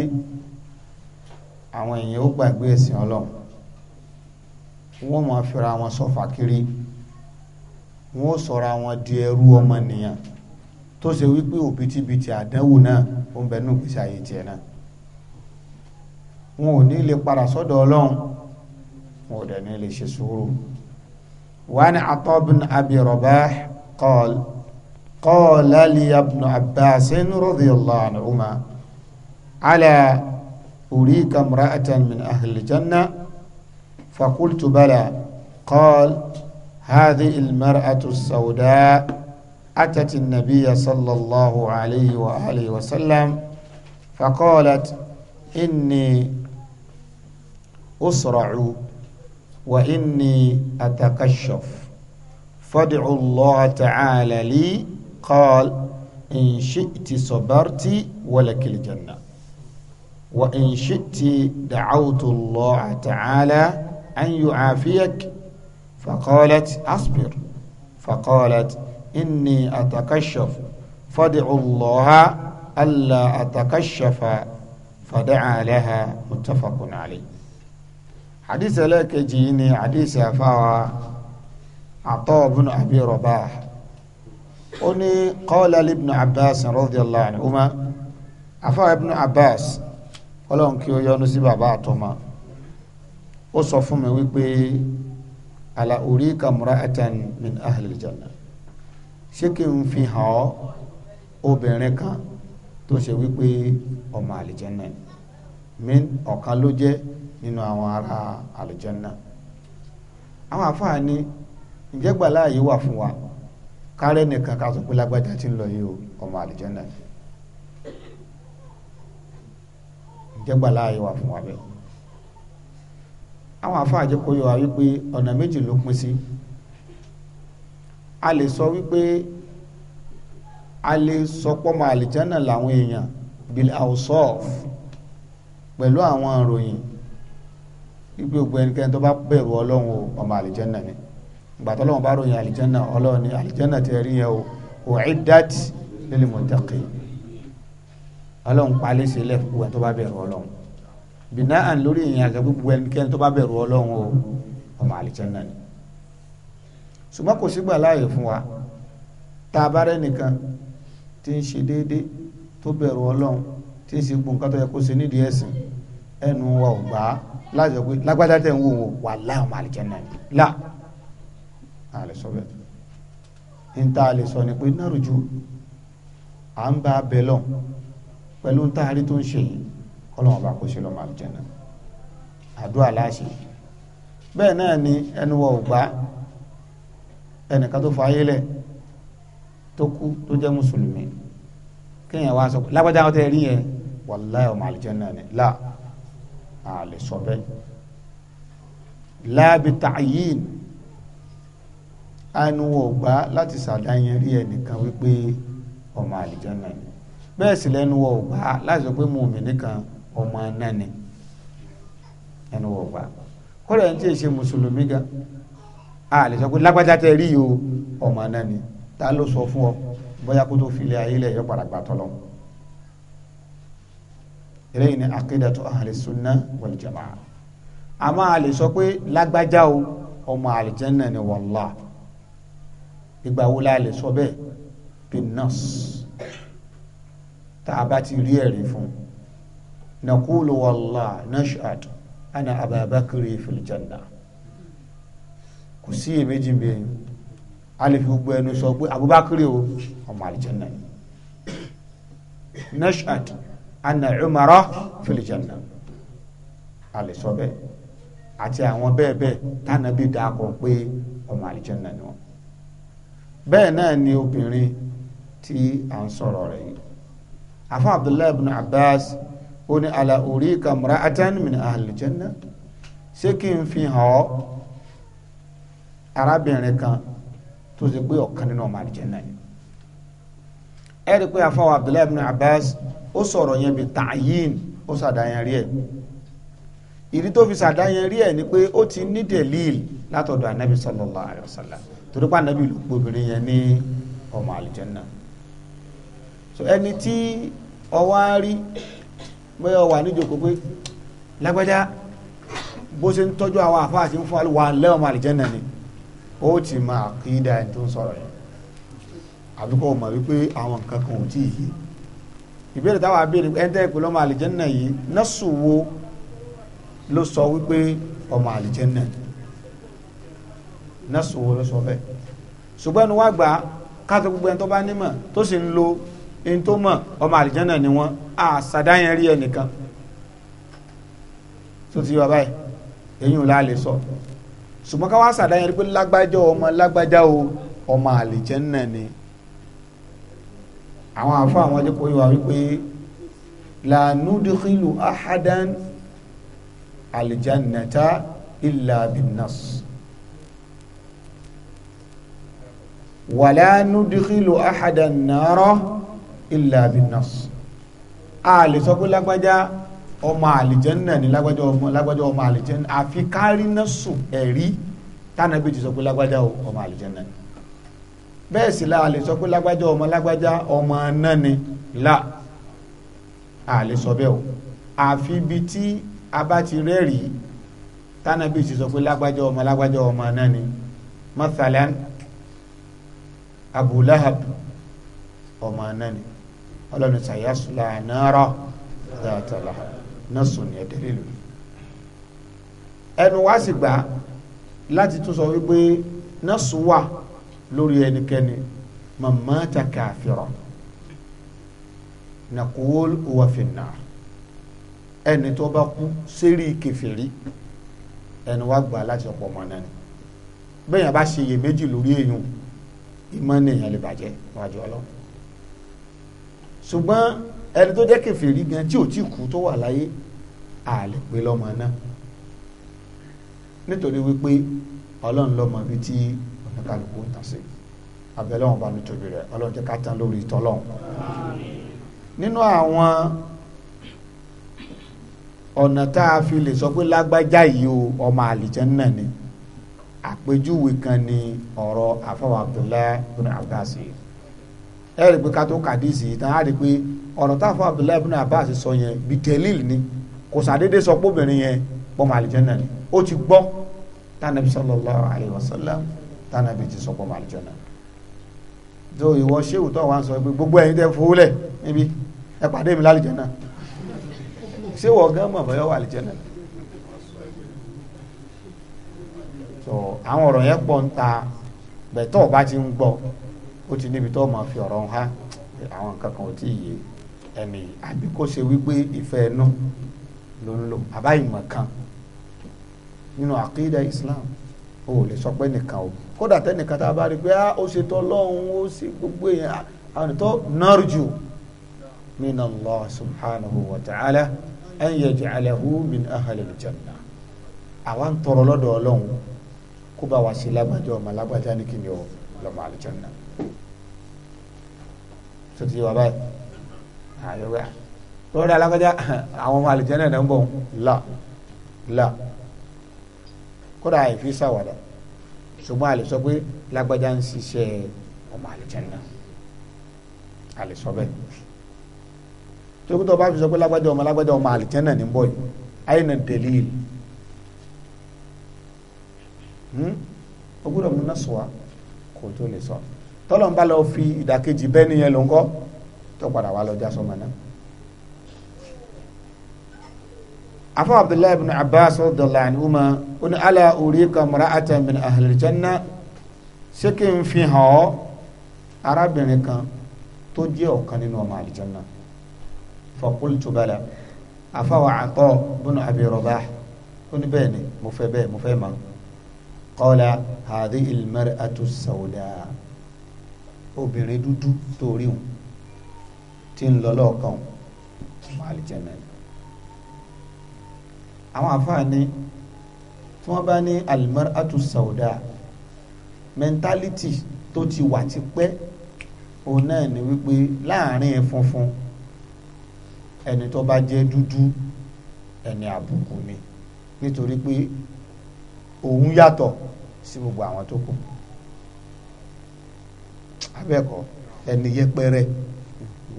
àwọn èèyàn ó gbàgbé ẹ̀sìn ọlọ́run wọ́n máa fira wọn sọ́fà kiri wọ́n ó sọ̀rọ̀ àwọn di ẹrú ọmọnìyàn tó ṣe wípé òbítíbitì àdánwò náà ó ń bẹ ní òpèsè àyè tiẹ̀ náà wọn ò ní lè padà sọ́dọ̀ ọlọ́run wọn ò dẹ̀ ní lè ṣe sùúrù wani atọ́bùn abi Rabah قال لي ابن عباس رضي الله عنهما على أريك امرأة من أهل الجنة فقلت بلى قال هذه المرأة السوداء أتت النبي صلى الله عليه وآله وسلم فقالت إني أسرع وإني أتكشف فادعوا الله تعالى لي قال إن شئت صبرت ولك الجنة وإن شئت دعوت الله تعالى أن يعافيك فقالت أصبر فقالت إني أتكشف فادع الله ألا أتكشف فدعا لها متفق عليه حديث لك جيني حديث فوا عطاء بن أبي رباح ó ní qala li ibn abbas radiyallahu anhuma afa ibn abbas ọlọ́run kí ó yọ́nú sí bàbá àtọ́mà ó sọ fún mi wípé ala urika mura'atan min ahlil janna ṣé kí n fi hàn ọ́ obìnrin kan tó ṣe wípé ọmọ àlìjẹ́nà mi ọ̀kan ló jẹ́ nínú àwọn ará àlìjẹ́nà àwọn àfáà ní ìjẹ́gbàláàyè wà fún wa. Ni, kárẹ́ nìkan ká sọ pé lágbájá ti ń lọ yìí o ọmọ àlìjẹ́nà ni jẹ́gbà láàyè wà fún wa bẹ́ẹ̀ àwọn àfáà jẹ́ kó yọ wa wípé ọ̀nà méjì ló pín sí a lè sọ wípé a lè sọ pọ́mọ àlìjẹ́nà làwọn èèyàn bil awsaf pẹ̀lú àwọn ìròyìn wípé gbogbo ẹnikẹ́ni tó bá bẹ̀rù ọlọ́run ọmọ àlìjẹ́nà ni gbàtọ́ lọ́wọ́ bá ròyìn àlìjánà ọlọ́run ní àlìjánà tẹ rí yẹn o u'iddat lil muttaqin ọlọ́run palẹ̀ sílẹ̀ fún ẹ̀ tó bá bẹ̀rù ọlọ́run bìnnà àn lórí èèyàn àgbẹ̀ gbogbo ẹnikẹ́ni tó bá bẹ̀rù ọlọ́run o ọmọ àlìjánà ni ṣùgbọ́n kò sígbà láàyè fún wa tá a bá rẹ́ nìkan tí ń ṣe déédé tó bẹ̀rù ọlọ́run tí ń ṣe gbogbo nǹkan yẹ kó ṣe nídìí ẹ̀sìn ẹnu wa ò gbà á láti tẹ̀ ń wò wò wà láàmú àlìjánà ni láà a lè sọ bẹ́ẹ̀ n ta lè sọ ni pé nárùjú à ń bá a bẹ lọ pẹ̀lú n ta rí tó ń ṣe yìí kọ́lọ́wọ́n bá kó ṣe lọ́mọ àlùjànnà àdúrà láṣẹ bẹ́ẹ̀ náà ni ẹnu wọ̀ gbá ẹnìkan tó fa ayélẹ̀ tó kú tó jẹ́ mùsùlùmí kéèyàn wá sọ pé lágbájá wọn tẹ́ rí yẹn wàláyé ọmọ àlùjànnà ni là á lè sọ bẹ́ẹ̀ láàbì tààyìn anuwọ̀ ọ̀gbá láti sàdáyẹn rí ẹnìkan wípé ọmọ àlìjọ́nà ni bẹ́ẹ̀ sì lẹ́nuwọ̀ ọ̀gbá láti sọ pé mùmí nìkan ọmọ aná ni ẹnuwọ̀ ọ̀gbá kọ́lẹ̀ ẹni tí èsè mùsùlùmí gan a lè sọ pé lágbájá tẹ rí o ọmọ aná ni ta ló sọ fún ọ bóyá kó tó filẹ̀ ayé lẹ̀ yọ padà gbà tọ́lọ́ eléyìí ni akidatu ahli sunna wal jamaa a máa lè sọ pé lágbájá o ọmọ àlìjọ́nà ni wàlláhi ìgbà wo la lè sọ bẹ́ẹ̀ pinnas tá a bá ti rí ẹ̀rí fún nakulu wallah nashad ana ababakiri fil janna kò sí èméjì bẹ́ẹ̀ a lè fi gbogbo ẹnu sọ pé abubakiri o ọmọ alijanna ni nashad ana umara fil janna bẹ́ẹ̀ àti àwọn bẹ́ẹ̀ bẹ́ẹ̀ tánàbí dàkọ pé ọmọ alijanna ni wọn bẹ́ẹ̀ náà ni obìnrin tí a ń sọ̀rọ̀ rẹ̀ yìí afa abdullahi ibn abbas ó ní ala urika mra'atan min ahli janna ṣé kí n fi hàn ọ́ arábìnrin kan tó ṣe pé ọ̀kan nínú ọmọ àlìjẹ́nà yìí ẹ rí i pé afa abdullahi ibn abbas ó sọ̀rọ̀ yẹn bí ta'yin ó ṣàdáyẹn rí ẹ̀ ìdí tó fi ṣàdáyẹn rí ẹ̀ ni pé ó ti ní dẹ̀líl látọ̀dọ̀ anabi sallallahu alayhi wa sallam torí pa nàbí ló pé obìnrin yẹn ní ọmọ àlìjẹ́nà so ẹni tí ọwọ́ á rí bóyá ọwọ́ àníjòkó pé lágbájá bó ṣe ń tọ́jú àwọn àfáà tí ń fún wa lẹ́ ọmọ àlìjẹ́nà ni ó ti máa kí dáa ẹni tó ń sọ̀rọ̀ yẹn àbíkọ́ ọmọ wípé àwọn nǹkan kan ò tí ì yé ìbéèrè táwọn abéèrè ẹ̀ńtẹ́ ìpínlẹ̀ ọmọ àlìjẹ́nà yìí nọ́ọ̀sù wo ló sọ wípé ọmọ àlìjẹ́nà ni náà sòwò ló sọ bẹ́ẹ̀ ṣùgbọ́n ẹnu wá gbà á káàtó gbogbo ẹni tó bá nímọ̀ tó sì ń lo ẹni tó mọ̀ ọmọ àlìjánà ni wọ́n á sàdáyẹn rí ẹnìkan tó ti wà báyìí èyí ò láàlè sọ ṣùgbọ́n ká wá sàdáyẹn rí pé lágbájá ọmọ lágbájá o ọmọ àlìjánà ni àwọn àfọ àwọn ọjọ́ kò yẹ wípé la nudkhilu ahadan aljannata illa bin nas wàlá nudkhilu ahadan nara illa binnas a lè sọ pé lágbájá ọmọ àlìjẹ́nà ní lágbájá ọmọ lágbájá ọmọ àlìjẹ́nà àfi kárí náà sùn ẹ̀rí tánàbí ti sọ pé lágbájá ọmọ àlìjẹ́nà ni bẹ́ẹ̀ sì la lè sọ pé lágbájá ọmọ lágbájá ọmọ náà ni là o àfi ibi tí a bá ti rẹ́rìí ti sọ pé lágbájá ọmọ lágbájá ọmọ náà Abu Lahab ọmọ anani ọlọ́ni sayasula anara dàtàlà nasun yẹ dẹ́rẹ́lù ẹnu wá sì gbà láti tún sọ wípé nasun wà lórí ẹnikẹ́ni màmá ta kàfìrọ̀ nàkúwòl wàfìnà ẹni tó bá kú sérí kẹfìrí ẹnu wá gbà láti ọ̀pọ̀ ọmọ anani bẹ́ẹ̀ yẹn bá ṣe iyèméjì lórí èèyàn ìmánì èèyàn lè bàjẹ́ wájú ọlọ́run ṣùgbọ́n ẹni tó jẹ́ kèfèrí gan tí ò tí kú tó wà láyé à lè pé lọ́mọ náà nítorí wípé ọlọ́run lọ́mọ bíi tí oníkàlùkù ń tàn sí abẹ́lẹ́wọ̀n bá mi tóbi rẹ̀ ọlọ́run jẹ́ ká tán lórí ìtọ́lọ́run nínú àwọn ọ̀nà tá a fi lè sọ pé lágbájá yìí o ọmọ àlìjẹ́ náà ni àpèjúwe kan ni ọ̀rọ̀ àfọwọ́ Abdullahi bin Abbas ẹ rí i pé ká tó kàdísì tán á rí i pé ọ̀rọ̀ táfọ́ Abdullahi bin Abbas sọ yẹn bíi tẹ́líl ni kò sàdédé sọ pé obìnrin yẹn pọ́nmọ́ àlìjẹ́nà ni ó ti gbọ́ tánàbí sallallahu alayhi wa sallam tánàbí ti sọ pọ́nmọ́ àlìjẹ́nà tó ìwọ ṣéwù tó wà ń sọ pé gbogbo ẹ̀yin tẹ́ fowó lẹ̀ níbi ẹ pàdé mi lálìjẹ́nà ṣéwù ọ̀gá mọ̀ so àwọn ọ̀rọ̀ yẹn pọ̀ ń ta bẹ̀tọ̀ ọba ti ń gbọ́ ó ti níbi tó máa fi ọ̀rọ̀ ń há àwọn nǹkan kan ò tí ì yé ẹni àbí kó ṣe wípé ìfẹ́ ẹnu ló ń lò àbá ìmọ̀ kan nínú àkídà Islam o ò lè sọ pé nìkan o kódà tẹnìkan tá a bá rí pé ah ó ṣe tọ́ lọ́hún ó ṣe gbogbo èèyàn àwọn ètò narju min Allah subhanahu wa ta'ala an yaj'alahu min ahli al-jannah àwa ń tọrọ lọ́dọ̀ ọlọ́run kó bá wa ṣe lágbájá ọmọ lágbájá ní kí ni o lọ́mọ àlùjànnà tó ti yẹ wa báyìí àyẹ̀wò lọ́dọ̀ alágbájá àwọn ọmọ àlùjànnà náà ń bọ̀ la la kódà àìfi sàwàdà ṣùgbọ́n a lè sọ pé lágbájá ń ṣiṣẹ́ ọmọ àlùjànnà a lè sọ bẹ́ẹ̀ tó kí tó bá fi sọ pé lágbájá ọmọ lágbájá ọmọ àlùjànnà ní bọ̀ yìí àyìnà dẹ̀líìlì. Hmm? o gbọ́dọ̀ mú náà sọ wa kó tó lè sọ tọ́lọ̀ ń bá lọ fi ìdàkejì bẹ́ẹ̀ nìyẹn ló ń kọ́ tó padà wà lọ́jà sọmọ náà. afọ abdullahi ibn abbas radiyallahu anhuma ó ní ala urika mara'atan min ahlil janna n fi hàn ọ́ arábìnrin kan tó jẹ́ ọ̀kan nínú ọmọ àlìjọ́nà faqultu bala afọ àtọ́ ibn abi rabah ó ní ni mo fẹ́ bẹ́ẹ̀ mo fẹ́ máa. قال هذه المرأة السوداء، as-sawda obìnrin dúdú torí wọn tí ń lọ lọ́ọ̀kan wọn àlìjẹ́nà ni àwọn àfáàní tí wọ́n bá ní al-mar'atu as-sawda mẹ́ńtálítì tó ti wà tipẹ́ òun náà ni wípé láàrin funfun ẹni tó bá jẹ́ dúdú ẹni àbùkù ni nítorí pé òun yàtọ̀ sí gbogbo àwọn tó kù abẹ́ẹ̀kọ́ ẹni yẹpẹrẹ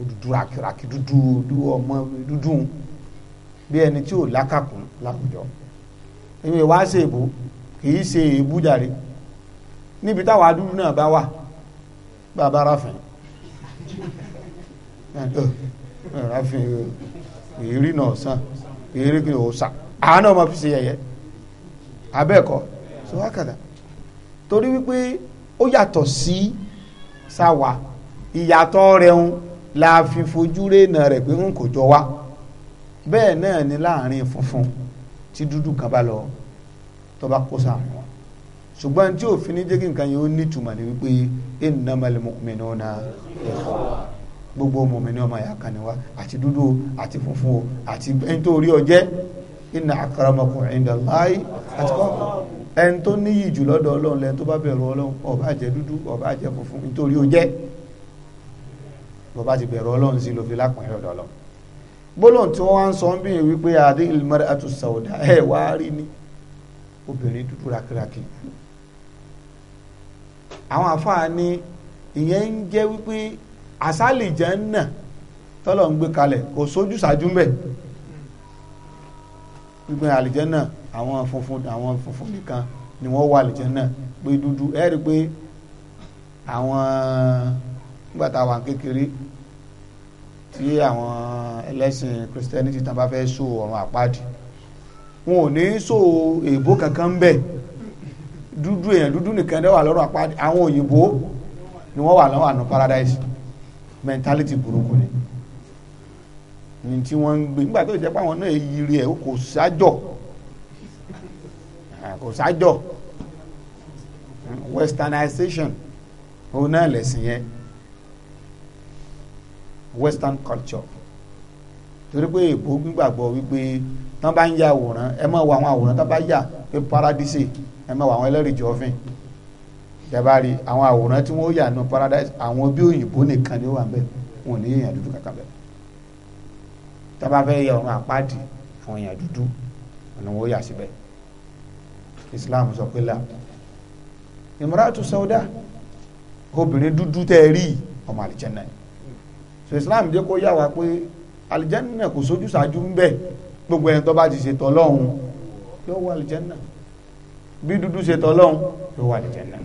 dúdú rakiraki dúdú ọmọ dúdú bí ẹni tí ò lákàkún láwùjọ ìwé wa ṣe èbó kì í ṣe èébú jàre níbi táwa dúdú náà bá wà bàbá ráfin ráfin èrí náà sàn èrí àánú ọmọ fi ṣe yẹ̀yẹ́ abẹ́ẹ̀kọ́ so wákàtà torí wípé ó yàtọ̀ sí sáwà ìyàtọ̀ rẹ̀ la fi fojú rèénà rẹ̀ pé ń kò jọ wá bẹ́ẹ̀ náà ni láàrin funfun tí dúdú kan bá lọ tó bá kó sáà wọn ṣùgbọ́n tí òfin ní jẹ́ kí nǹkan yẹn ó nítumọ̀ ní wípé innamal mu'minuna gbogbo mọ̀mìnì ọmọ ìyá kan ni wá àti dúdú àti funfun àti ẹni tó rí ọ jẹ́ inna akramakum indallahi atqakum ẹni tó níyì jù lọ́dọ̀ ọlọ́run lẹ́ni tó bá bẹ̀rù ọlọ́run ó bá jẹ́ dúdú ó bá jẹ́ funfun nítorí ó jẹ́ bó bá ti bẹ̀rù ọlọ́run sí ló fi lápẹ̀ lọ́dọ̀ ọlọ́run gbólóhùn tí wọ́n wá ń sọ ń bìyìn wípé adil mar'atu sauda ẹ̀ wá rí ni obìnrin dúdú rakiraki àwọn àfáà ni ìyẹn ń jẹ́ wípé àsálì jẹ́ ń nà tọ́lọ̀ ń gbé kalẹ̀ kò sójú sàájú mbẹ́ wípé àlìjẹ́nà àwọn funfun àwọn funfun nìkan ni wọ́n wà àlìjẹ́nà pé dúdú ẹ rí pé àwọn nígbà tá a wà kékeré tí àwọn ẹlẹ́sìn Christianity tán bá fẹ́ so ọ̀run àpáàdì wọn ò ní so èèbó kankan bẹ̀ dúdú èèyàn dúdú nìkan dẹ́wà lọ́rùn àpáàdì àwọn òyìnbó ni wọ́n wà lọ́wọ́ àná paradise mentality burúkú ni ní tí wọ́n ń gbé nígbà tó jẹ́ pé àwọn náà yí ẹ̀ kò sájọ̀ kò sájọ̀ westernization òun náà lẹ̀sìn yẹn western culture torí pé èbó gbígbàgbọ́ wípé tán bá ń ya àwòrán ẹ má wo àwọn àwòrán tán bá yà pé paradise ẹ má wo àwọn ẹlẹ́rìí jọ́fìn jabari àwọn àwòrán tí wọ́n yà nù paradise àwọn bí òyìnbó nìkan ni ó wà ń bẹ̀ wọn ò ní yẹ̀yàn dúdú kankan bẹ̀ tábà fẹ́ yẹ ọ̀run àpáàdì àwọn èèyàn dúdú ọ̀nà wọn yà síbẹ̀ Islam sọ pé là ìmúratù sọdá obìnrin dúdú tẹ́ ẹ rí ọmọ àlìjẹ́nà so Islam jẹ́ kó yà wá pé àlìjẹ́nà kò sójú ṣáájú ń bẹ̀ gbogbo ẹni tó bá ti ṣètò ọlọ́run yóò wọ àlìjẹ́nà bí dúdú ṣètò ọlọ́run yóò wọ àlìjẹ́nà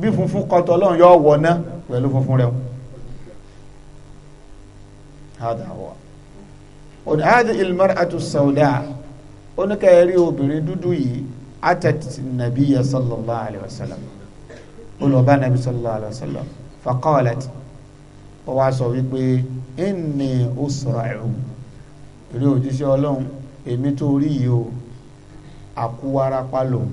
bí funfun kọtọ ọlọ́run yóò wọ̀ ná pẹ̀lú funfun rẹ̀ hádà wọ̀ ọ̀dà áàdì ilmar atu sauda oníkàyẹ̀rí obìnrin dúdú yìí atat nabiya sallallahu alayhi wa sallam olùbá nabi sallallahu alayhi wa sallam faqalat ó wá sọ wípé inni usra'u eré òjíṣẹ́ ọlọ́run èmi tó rí yìí o àkúwarapá lòun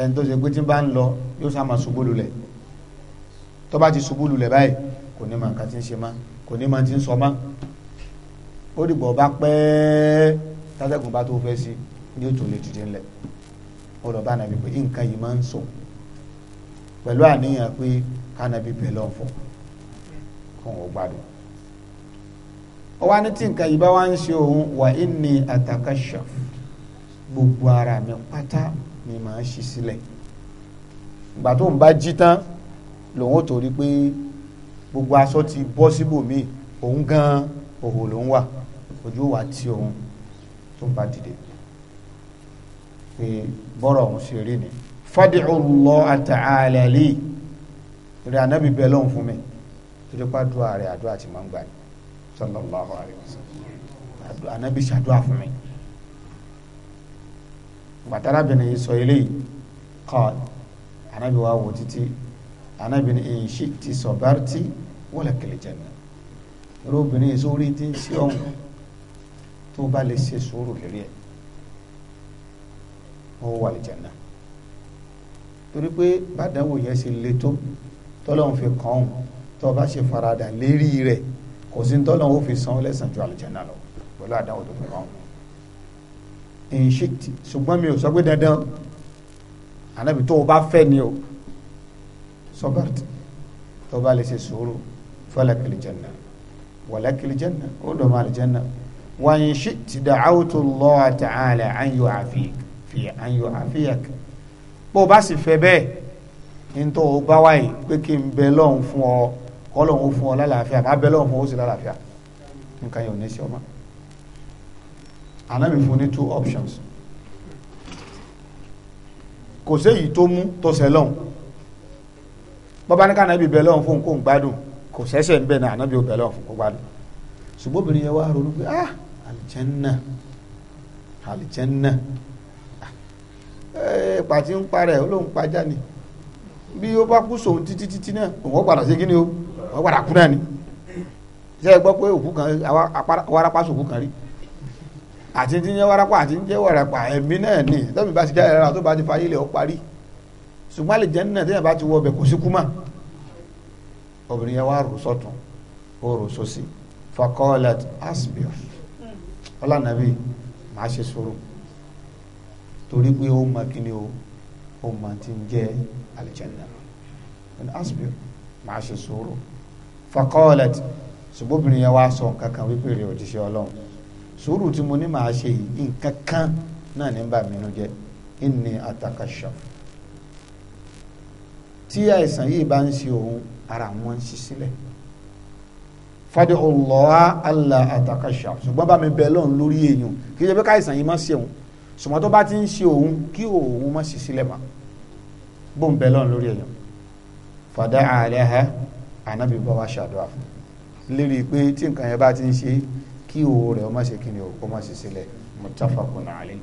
ẹni tó ṣe pé tí bá ń lọ yóò sá máa ṣubú lulẹ̀ tó bá ti ṣubú lulẹ̀ báyìí kò ní màkà tí ń ṣe kò ní máa ti ń sọ ó dìgbò ọba pẹ́ẹ́ bá tó fẹ́ sí ní òtún lè dìde ńlẹ̀ ó lọ bá nàbí pé nǹkan yìí máa ń sọ pẹ̀lú àníyàn pé kánàbí bẹ̀ lọ́n fọ kó wọn gbádùn ó wá ní tí wá ń ṣe òun gbogbo ara mi ni màá ṣí sílẹ̀ ìgbà tó ń bá jí tán pé gbogbo aṣọ ti bọ́ síbòmí òun gan òhò ló ń wà ojú wa tí òun tó bá dìde pé bọ́rọ̀ òun sì rí ni fad'u Allah ta'ala li rẹ̀ anábì bẹ́ẹ̀ lọ́hùn fún mi tó dé pàdúrà rẹ̀ àdúrà ti máa ń gbà ní sallallahu alayhi wa sallam anábì ṣàdúrà fún mi gbàtàràbìnrin yìí sọ eléyìí qala anábì wa wò títí anábì ní in shi'ti sabarti wala kil janna irú obìnrin sórí tí ń ṣe ọ̀hún tó bá lè ṣe sùúrù lérí ẹ̀ ó wà lè janna torí pé bàdánwò yẹn ṣe le tó tọ́lọ́hún fi kàn ọ́n tó bá ṣe farada lérí rẹ̀ kò sí tọ́lọ́hún ó fi san lẹ́sàn ju àlùjànnà lọ pẹ̀lú àdánwò tó fi kàn ọ́n ìṣètì ṣùgbọ́n mi ò sọ pé dandan ànábì tó o bá fẹ́ ni o sọ́bàtì tó bá lè ṣe sùúrù falak aljanna walak aljanna o dọ̀mọ aljanna wa in shi'ta da'awtu Allah ta'ala an yu'afik fi an yu'afiyak bó o bá sì fẹ́ bẹ́ẹ̀ ntọ́ o bá wáyé pé kí n bẹ lọ́hùn fún ọ kọ́ lọ́hùn fún ọ lálàáfíà má bẹ lọ́hùn fún ọ ó sì lálàáfíà nǹkan yẹn ò ní sí ọmọ ànábì fún ní two options kò séyìí tó mú tó sẹ lọ́hùn bọ́bá ní ká ànábì bẹ lọ́hùn fún kó ń gbádùn kò ṣẹ̀ṣẹ̀ ń bẹ̀ náà ànábì ò bẹ̀lẹ̀ ọ̀fun kó gbádùn ṣùgbọ́n obìnrin yẹn wá ronú pé ah àlìjẹ́nà àlìjẹ́nà ah, ẹ̀ pàtí ń parẹ́ olóhùn pajá ni bí ó bá kú sòun títí títí náà òun padà ṣe kí ni o òun padà kú náà ni ṣe é gbọ́ pé òkú kan warapa sòkú kan rí àti ti ń jẹ́ warapa àti ń jẹ́ warapa ẹ̀mí náà ni tọ́bi bá ti jáde rárá tó bá ti fayé lẹ̀ ó parí ṣùgbọ́n àlìjẹ́nà tí yẹn bá ti wọ ọbẹ̀ kò sí obìnrin yẹn wá rò sọ́tún ó rò sósì fakọ́lẹ̀t asbir ọlànàbí màá ṣe sùúrù torí pé ó mọ kí ni o ó mọ ti ń jẹ alìjẹ́nà asbir màá ṣe sùúrù fakọ́lẹ̀t ṣùgbọ́n obìnrin yẹn wá sọ nǹkan kan wípé rẹ̀ òjíṣẹ́ ọlọ́run sùúrù tí mo ní màá ṣe yìí nǹkan kan náà ní bà mí nú jẹ́ inni tí àìsàn yìí bá ń ṣe òun ara wọn ṣí sílẹ̀ fadé ọlọ́wà allah àtàkàṣà ṣùgbọ́n bá mi bẹ lọ́n lórí èèyàn kì í ṣe pé káìsàn yìí má ṣe òun ṣùgbọ́n tó bá ti ń ṣe òun kí òun má ṣí sílẹ̀ mọ́ bó ń bẹ lọ́n lórí èèyàn fadé àlẹ́hẹ́ ànábì bá wa ṣàdúrà fún lérí pé tí nǹkan yẹn bá ti ń ṣe kí òun rẹ̀ ó má ṣe kí ni òun kó má ṣí sílẹ̀ muttafaqun alayhi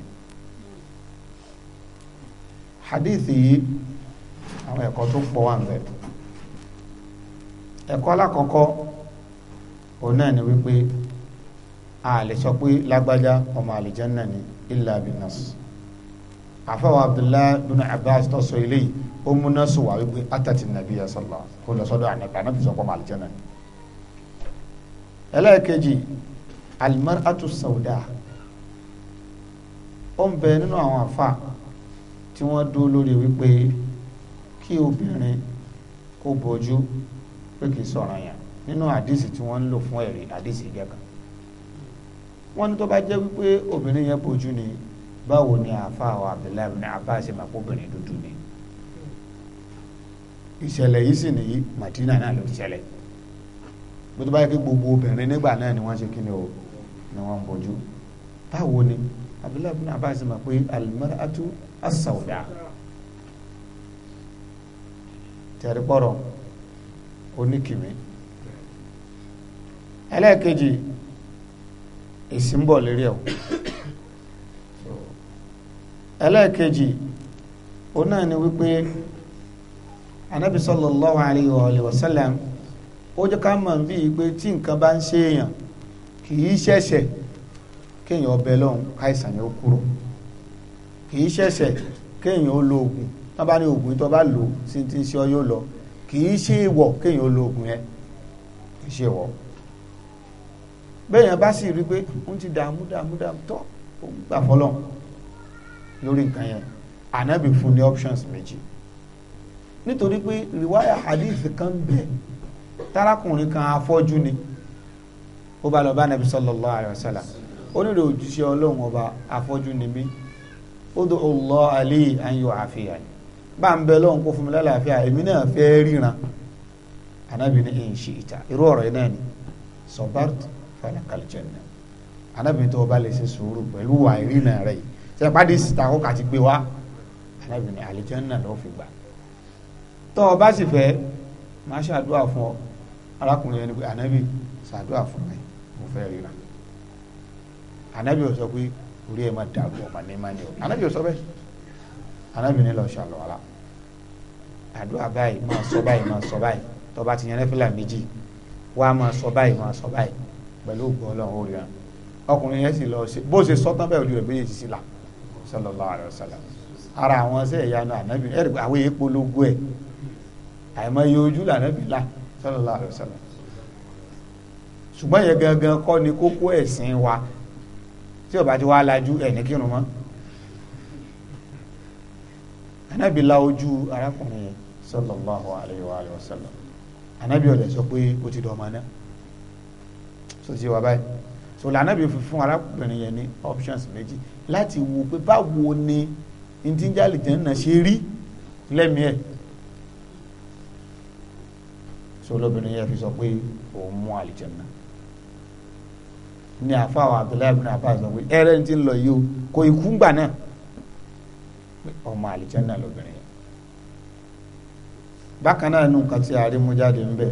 hadithi yìí àwọn ẹ̀kọ́ tó pọ̀ wà ń bẹ̀rẹ̀ ẹ̀kọ́ alákọ̀ọ́kọ́ òun náà ni wípé a lè sọ pé lágbájá ọmọ àlìjánná ni illa binas àfọwọ́ abdullahi bin abbas tó sọ eléyìí ó múná sọ wà wípé atati nàbí yasọlá kó lọ sọ́dọ̀ ànàbí ànàbí sọ pé ọmọ àlìjánná ni. ẹlẹ́ẹ̀kejì almar'atu sauda ó ń bẹ nínú àwọn àfa tí wọ́n dúró lórí wípé kí obìnrin kó bojú pé kì í sọ̀rọ̀ yẹn nínú àdìsí tí wọ́n ń lò fún ẹ̀rí àdìsí gẹ́gà wọ́n ní tó bá jẹ́ wípé obìnrin yẹn bojú ni báwo ni àfa àwọn Abdullahi ní àbá ṣe máa kóbìnrin dúdú ni ìṣẹ̀lẹ̀ yìí sì nìyí Madina náà ló ṣẹlẹ̀ bó tó bá yẹ kí gbogbo obìnrin nígbà náà ni wọ́n ṣe kí ni o ni wọ́n ń bojú báwo ni Abdullahi ní àbá ṣe máa pé al-mar'atu as-sawda tẹ̀rí pọ̀rọ̀ oníkìmí ẹlẹ́ẹ̀kejì èsì ń bọ̀ lérí ẹ̀ ẹlẹ́ẹ̀kejì ó náà ni wípé anabi sallallahu alayhi wa sallam ó jẹ́ ká mọ̀ bíi pé tí nǹkan bá ń ṣe èèyàn kì í ṣẹ̀ṣẹ̀ kéèyàn ọbẹ̀ lọ́hùn káìsàn yẹn ó kúrò kì í ṣẹ̀ṣẹ̀ kéèyàn ó lo oògùn tó bá ní oògùn tó bá lò sí ti ń ṣe ọ yóò lọ kì í ṣe ìwọ̀ kéèyàn olóògùn yẹn kì í ṣe ìwọ̀ bẹ́ẹ̀yàn bá sì rí pé ń ti dààmú dààmú dààmú tọ́ gbà fọlọ́n lórí nǹkan yẹn ànábì fún ní options méjì nítorí pé rìwáyà hadith kan bẹ̀ tárakùnrin kan afọ́jú ni ó bá lọ bá nàbí sallallahu alaihi wasallam onírè òjíṣẹ́ ọlọ́run ọba afọ́jú ni mí ó dọ̀ Allah ali an yu'afiyani bá ń bẹ lọ́hùn kó fún mi lálàáfíà èmi náà fẹ́ ríran anábì ní èyí ṣe ìta irú ọ̀rọ̀ yìí náà ni sọ̀bárùtù falakal janna anábì tó o bá lè ṣe sùúrù pẹ̀lú wà ìrìnà rẹ̀ yìí ṣe pàdé síta kó kàti gbé wá anábì ní àlìjẹ́nà lọ́ọ́ fi gbà tó o bá sì fẹ́ máa ṣàdúrà fún ọ arákùnrin ẹni pé anábì ṣàdúrà fún mi mo fẹ́ ríran anábì ò sọ pé orí ẹ má dàrú ọ̀pá má ní o anábì ò sọ bẹ́ẹ̀ anábì ní lọ ṣàlùwàlà àdúrà báyìí máa sọ báyìí máa sọ báyìí tó bá ti yan nẹ́fìlà méjì wá máa sọ báyìí máa sọ báyìí pẹ̀lú ògbó ọlọ́run ó rira ọkùnrin yẹn sì lọ ṣe bó ṣe sọ tán bẹ́ẹ̀ ojú rẹ̀ bẹ́ẹ̀ sì sí là sallallahu alaihi wasallam ara àwọn ṣe ìyanu ànábì ẹ̀rì àwọn èyí polongo ẹ̀ àìmọ iye ojú la. là sallallahu alaihi wasallam ṣùgbọ́n yẹn gangan kọ́ ni kókó ẹ̀sìn wa tí ó bá ti wá lajú ẹ̀ní kírun mọ́ ànábì la ojú arákùnrin yẹn sallallahu alayhi wa alayhi wa sallam anabi ọ̀dẹ̀ sọ pé ó ti dọ̀ ọmọ náà so ti wà báyìí so lànàbí fi fún arábìnrin yẹn ní options méjì láti wo pé báwo ni ntíjàlì jẹ́ náà ṣe rí lẹ́mìí ẹ̀ so lóbìnrin yẹn fi sọ pé òun mú àlìjẹ̀nà ní àfa abdullahi bin abbas sọ pé ti ń lọ yìí o kò ikú ń gbà náà ọmọ àlìjẹ̀nà lóbìnrin bákan náà nù nǹkan tí a rí mú jáde ń bẹ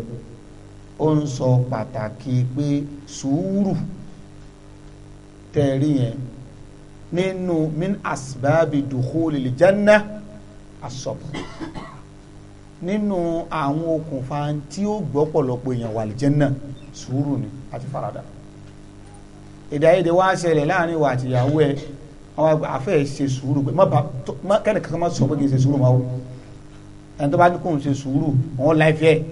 ó ń sọ pàtàkì pé sùúrù tẹ̀rí yẹn nínú min asbábi dukhuli lìjánná asọ̀bù nínú àwọn okùnfà tí ó gbọ́pọ̀lọpọ̀ èèyàn wà lìjánná sùúrù ni àti faradà ìdáyédè wá ṣẹlẹ̀ láàrin ìwà àtìyàwó ẹ àwọn àfẹ́ ṣe sùúrù pé kẹ́nìkan má sọ pé kì í ṣe sùúrù máa wò ẹni tó bá ní kò ń ṣe sùúrù wọn láìfẹ́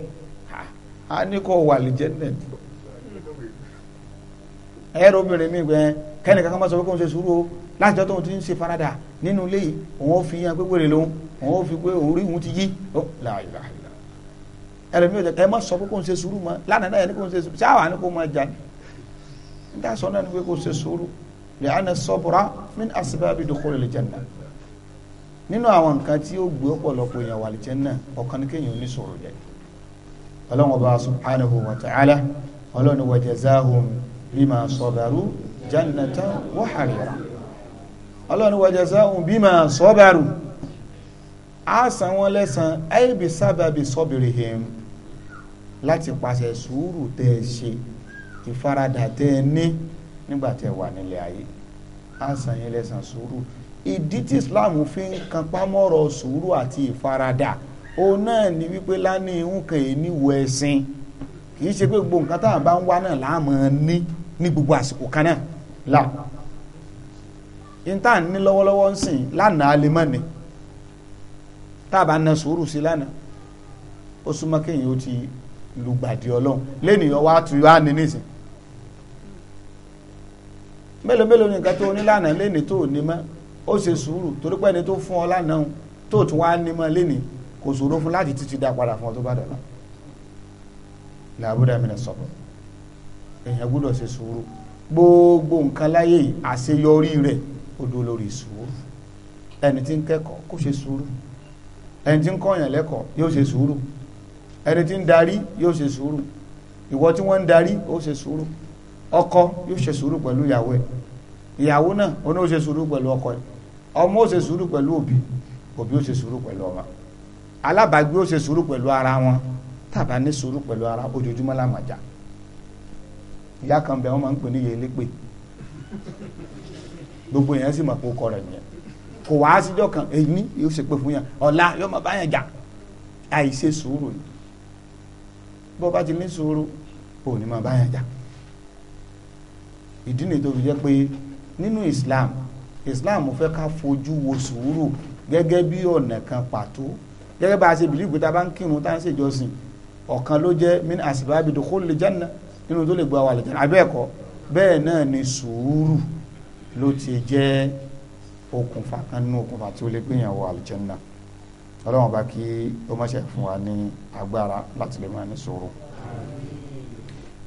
a ní kò wà lè jẹ́ nẹ̀ ẹ̀rọ obìnrin mi gbẹ kẹ́ni kankan bá sọ pé kò ń ṣe sùúrù o láti jọ́ tóun ti ń ṣe farada nínú ilé yìí òun ò fi yan pé wèrè lòun òun ò fi pé òun rí òun ti yí ẹlòmíì ọjà ẹ má sọ pé kò ń ṣe sùúrù mọ́ lánàá náà yẹn ni kò ń ṣe sùúrù ṣáà wà ní kò máa jà ní nígbà sọ náà ni pé kò ń ṣe sùúrù lẹ́yìn sọ́bùrà min asbabi dukhulil janna nínú àwọn nǹkan tí ó gbé ọ̀pọ̀lọpọ̀ èèyàn wà lìjẹ́ náà ọ̀kan ní kéèyàn oníṣòro jẹ́ ọlọ́run ọba subhanahu wa ta'ala ọlọ́run wa jazahum bima sabaru jannatan wa harira ọlọ́run wa jazahum bima sabaru á san wọ́n lẹ́san aibi sábàbí sabirihim láti pàṣẹ sùúrù tẹ́ ẹ ṣe ìfaradà tẹ́ ẹ ní nígbà tẹ́ wà nílé ayé á san yín lẹ́san sùúrù ìdí tí islam fi ń kan sùúrù àti ìfaradà òun náà ni wípé lánà ìhun kan èyí ẹ̀sìn kì í ṣe pé gbogbo nǹkan táwọn bá ń wá náà láàmú ní ní gbogbo àsìkò kan náà là intan ní lọ́wọ́lọ́wọ́ ń sìn lánàá lè na sùúrù sí lánàá ó súnmọ́ kéèyàn ó ti lùgbàdì ọlọ́run lẹ́nìyàn wá tu wá ní nísìn mélòó mélòó ni nǹkan tó ní lánàá lẹ́nìí tó ní ó ṣe sùúrù torí pé ẹni tó fún ọ lánàá tó tún wá ní mọ́ lénìí kò ṣòro fún láti títí dá padà fún ọ tó bá dọ̀la làbúdà mi nà sọ̀rọ̀ èèyàn gbọ́dọ̀ ṣe sùúrù gbogbo nǹkan láyé àṣeyọrí rẹ̀ ó dúró lórí sùúrù ẹni tí ń kẹ́kọ̀ọ́ kó ṣe sùúrù ẹni tí ń kọ́yàn lẹ́kọ̀ọ́ yóò ṣe sùúrù ẹni tí ń darí yóò ṣe sùúrù ìwọ tí wọ́n ń darí ó ṣe sùúrù ọkọ yóò ṣe sùúrù pẹ̀lú ìyàwó ẹ̀ ìyàwó náà ó ní ó ṣe sùúrù pẹ̀lú ọkọ ẹ̀ ọmọ ó ṣe sùúrù pẹ̀lú òbí òbí ó ṣe sùúrù pẹ̀lú ọmọ alábàágbé ó ṣe sùúrù pẹ̀lú ara wọn tàbá ní sùúrù pẹ̀lú ara ojoojúmọ́ làmàjà ìyá kan bẹ wọn máa ń pè ní yẹlé pé gbogbo yẹn sì mọ̀ pé ó kọ rẹ̀ nìyẹn kò wá síjọ́ kan èyí yóò ṣe pé fún yàn ọ̀la yóò máa bá yàn jà àìṣe sùúrù ni bó bá ti ní sùúrù ò ní máa bá yàn jà ìdí nìyí tó fi jẹ́ pé nínú Islam Islam fẹ́ ká fojú wo sùúrù gẹ́gẹ́ bí ọ̀nà kan pàtó gẹ́gẹ́ bá a ṣe bìlíì tá a bá ń kírun tá a ń ṣèjọsìn ọ̀kan ló jẹ́ min asibabi dukhul janna nínú tó lè gba wà lẹ́jẹ̀ abẹ́ẹ̀kọ́ bẹ́ẹ̀ náà ni sùúrù ló ti jẹ́ okùnfà kan nínú okùnfà tí ó lè gbìyàn wọ àlùjànnà ọlọ́run bá kí ó má ṣe fún wa ní agbára láti lè máa ní sùúrù.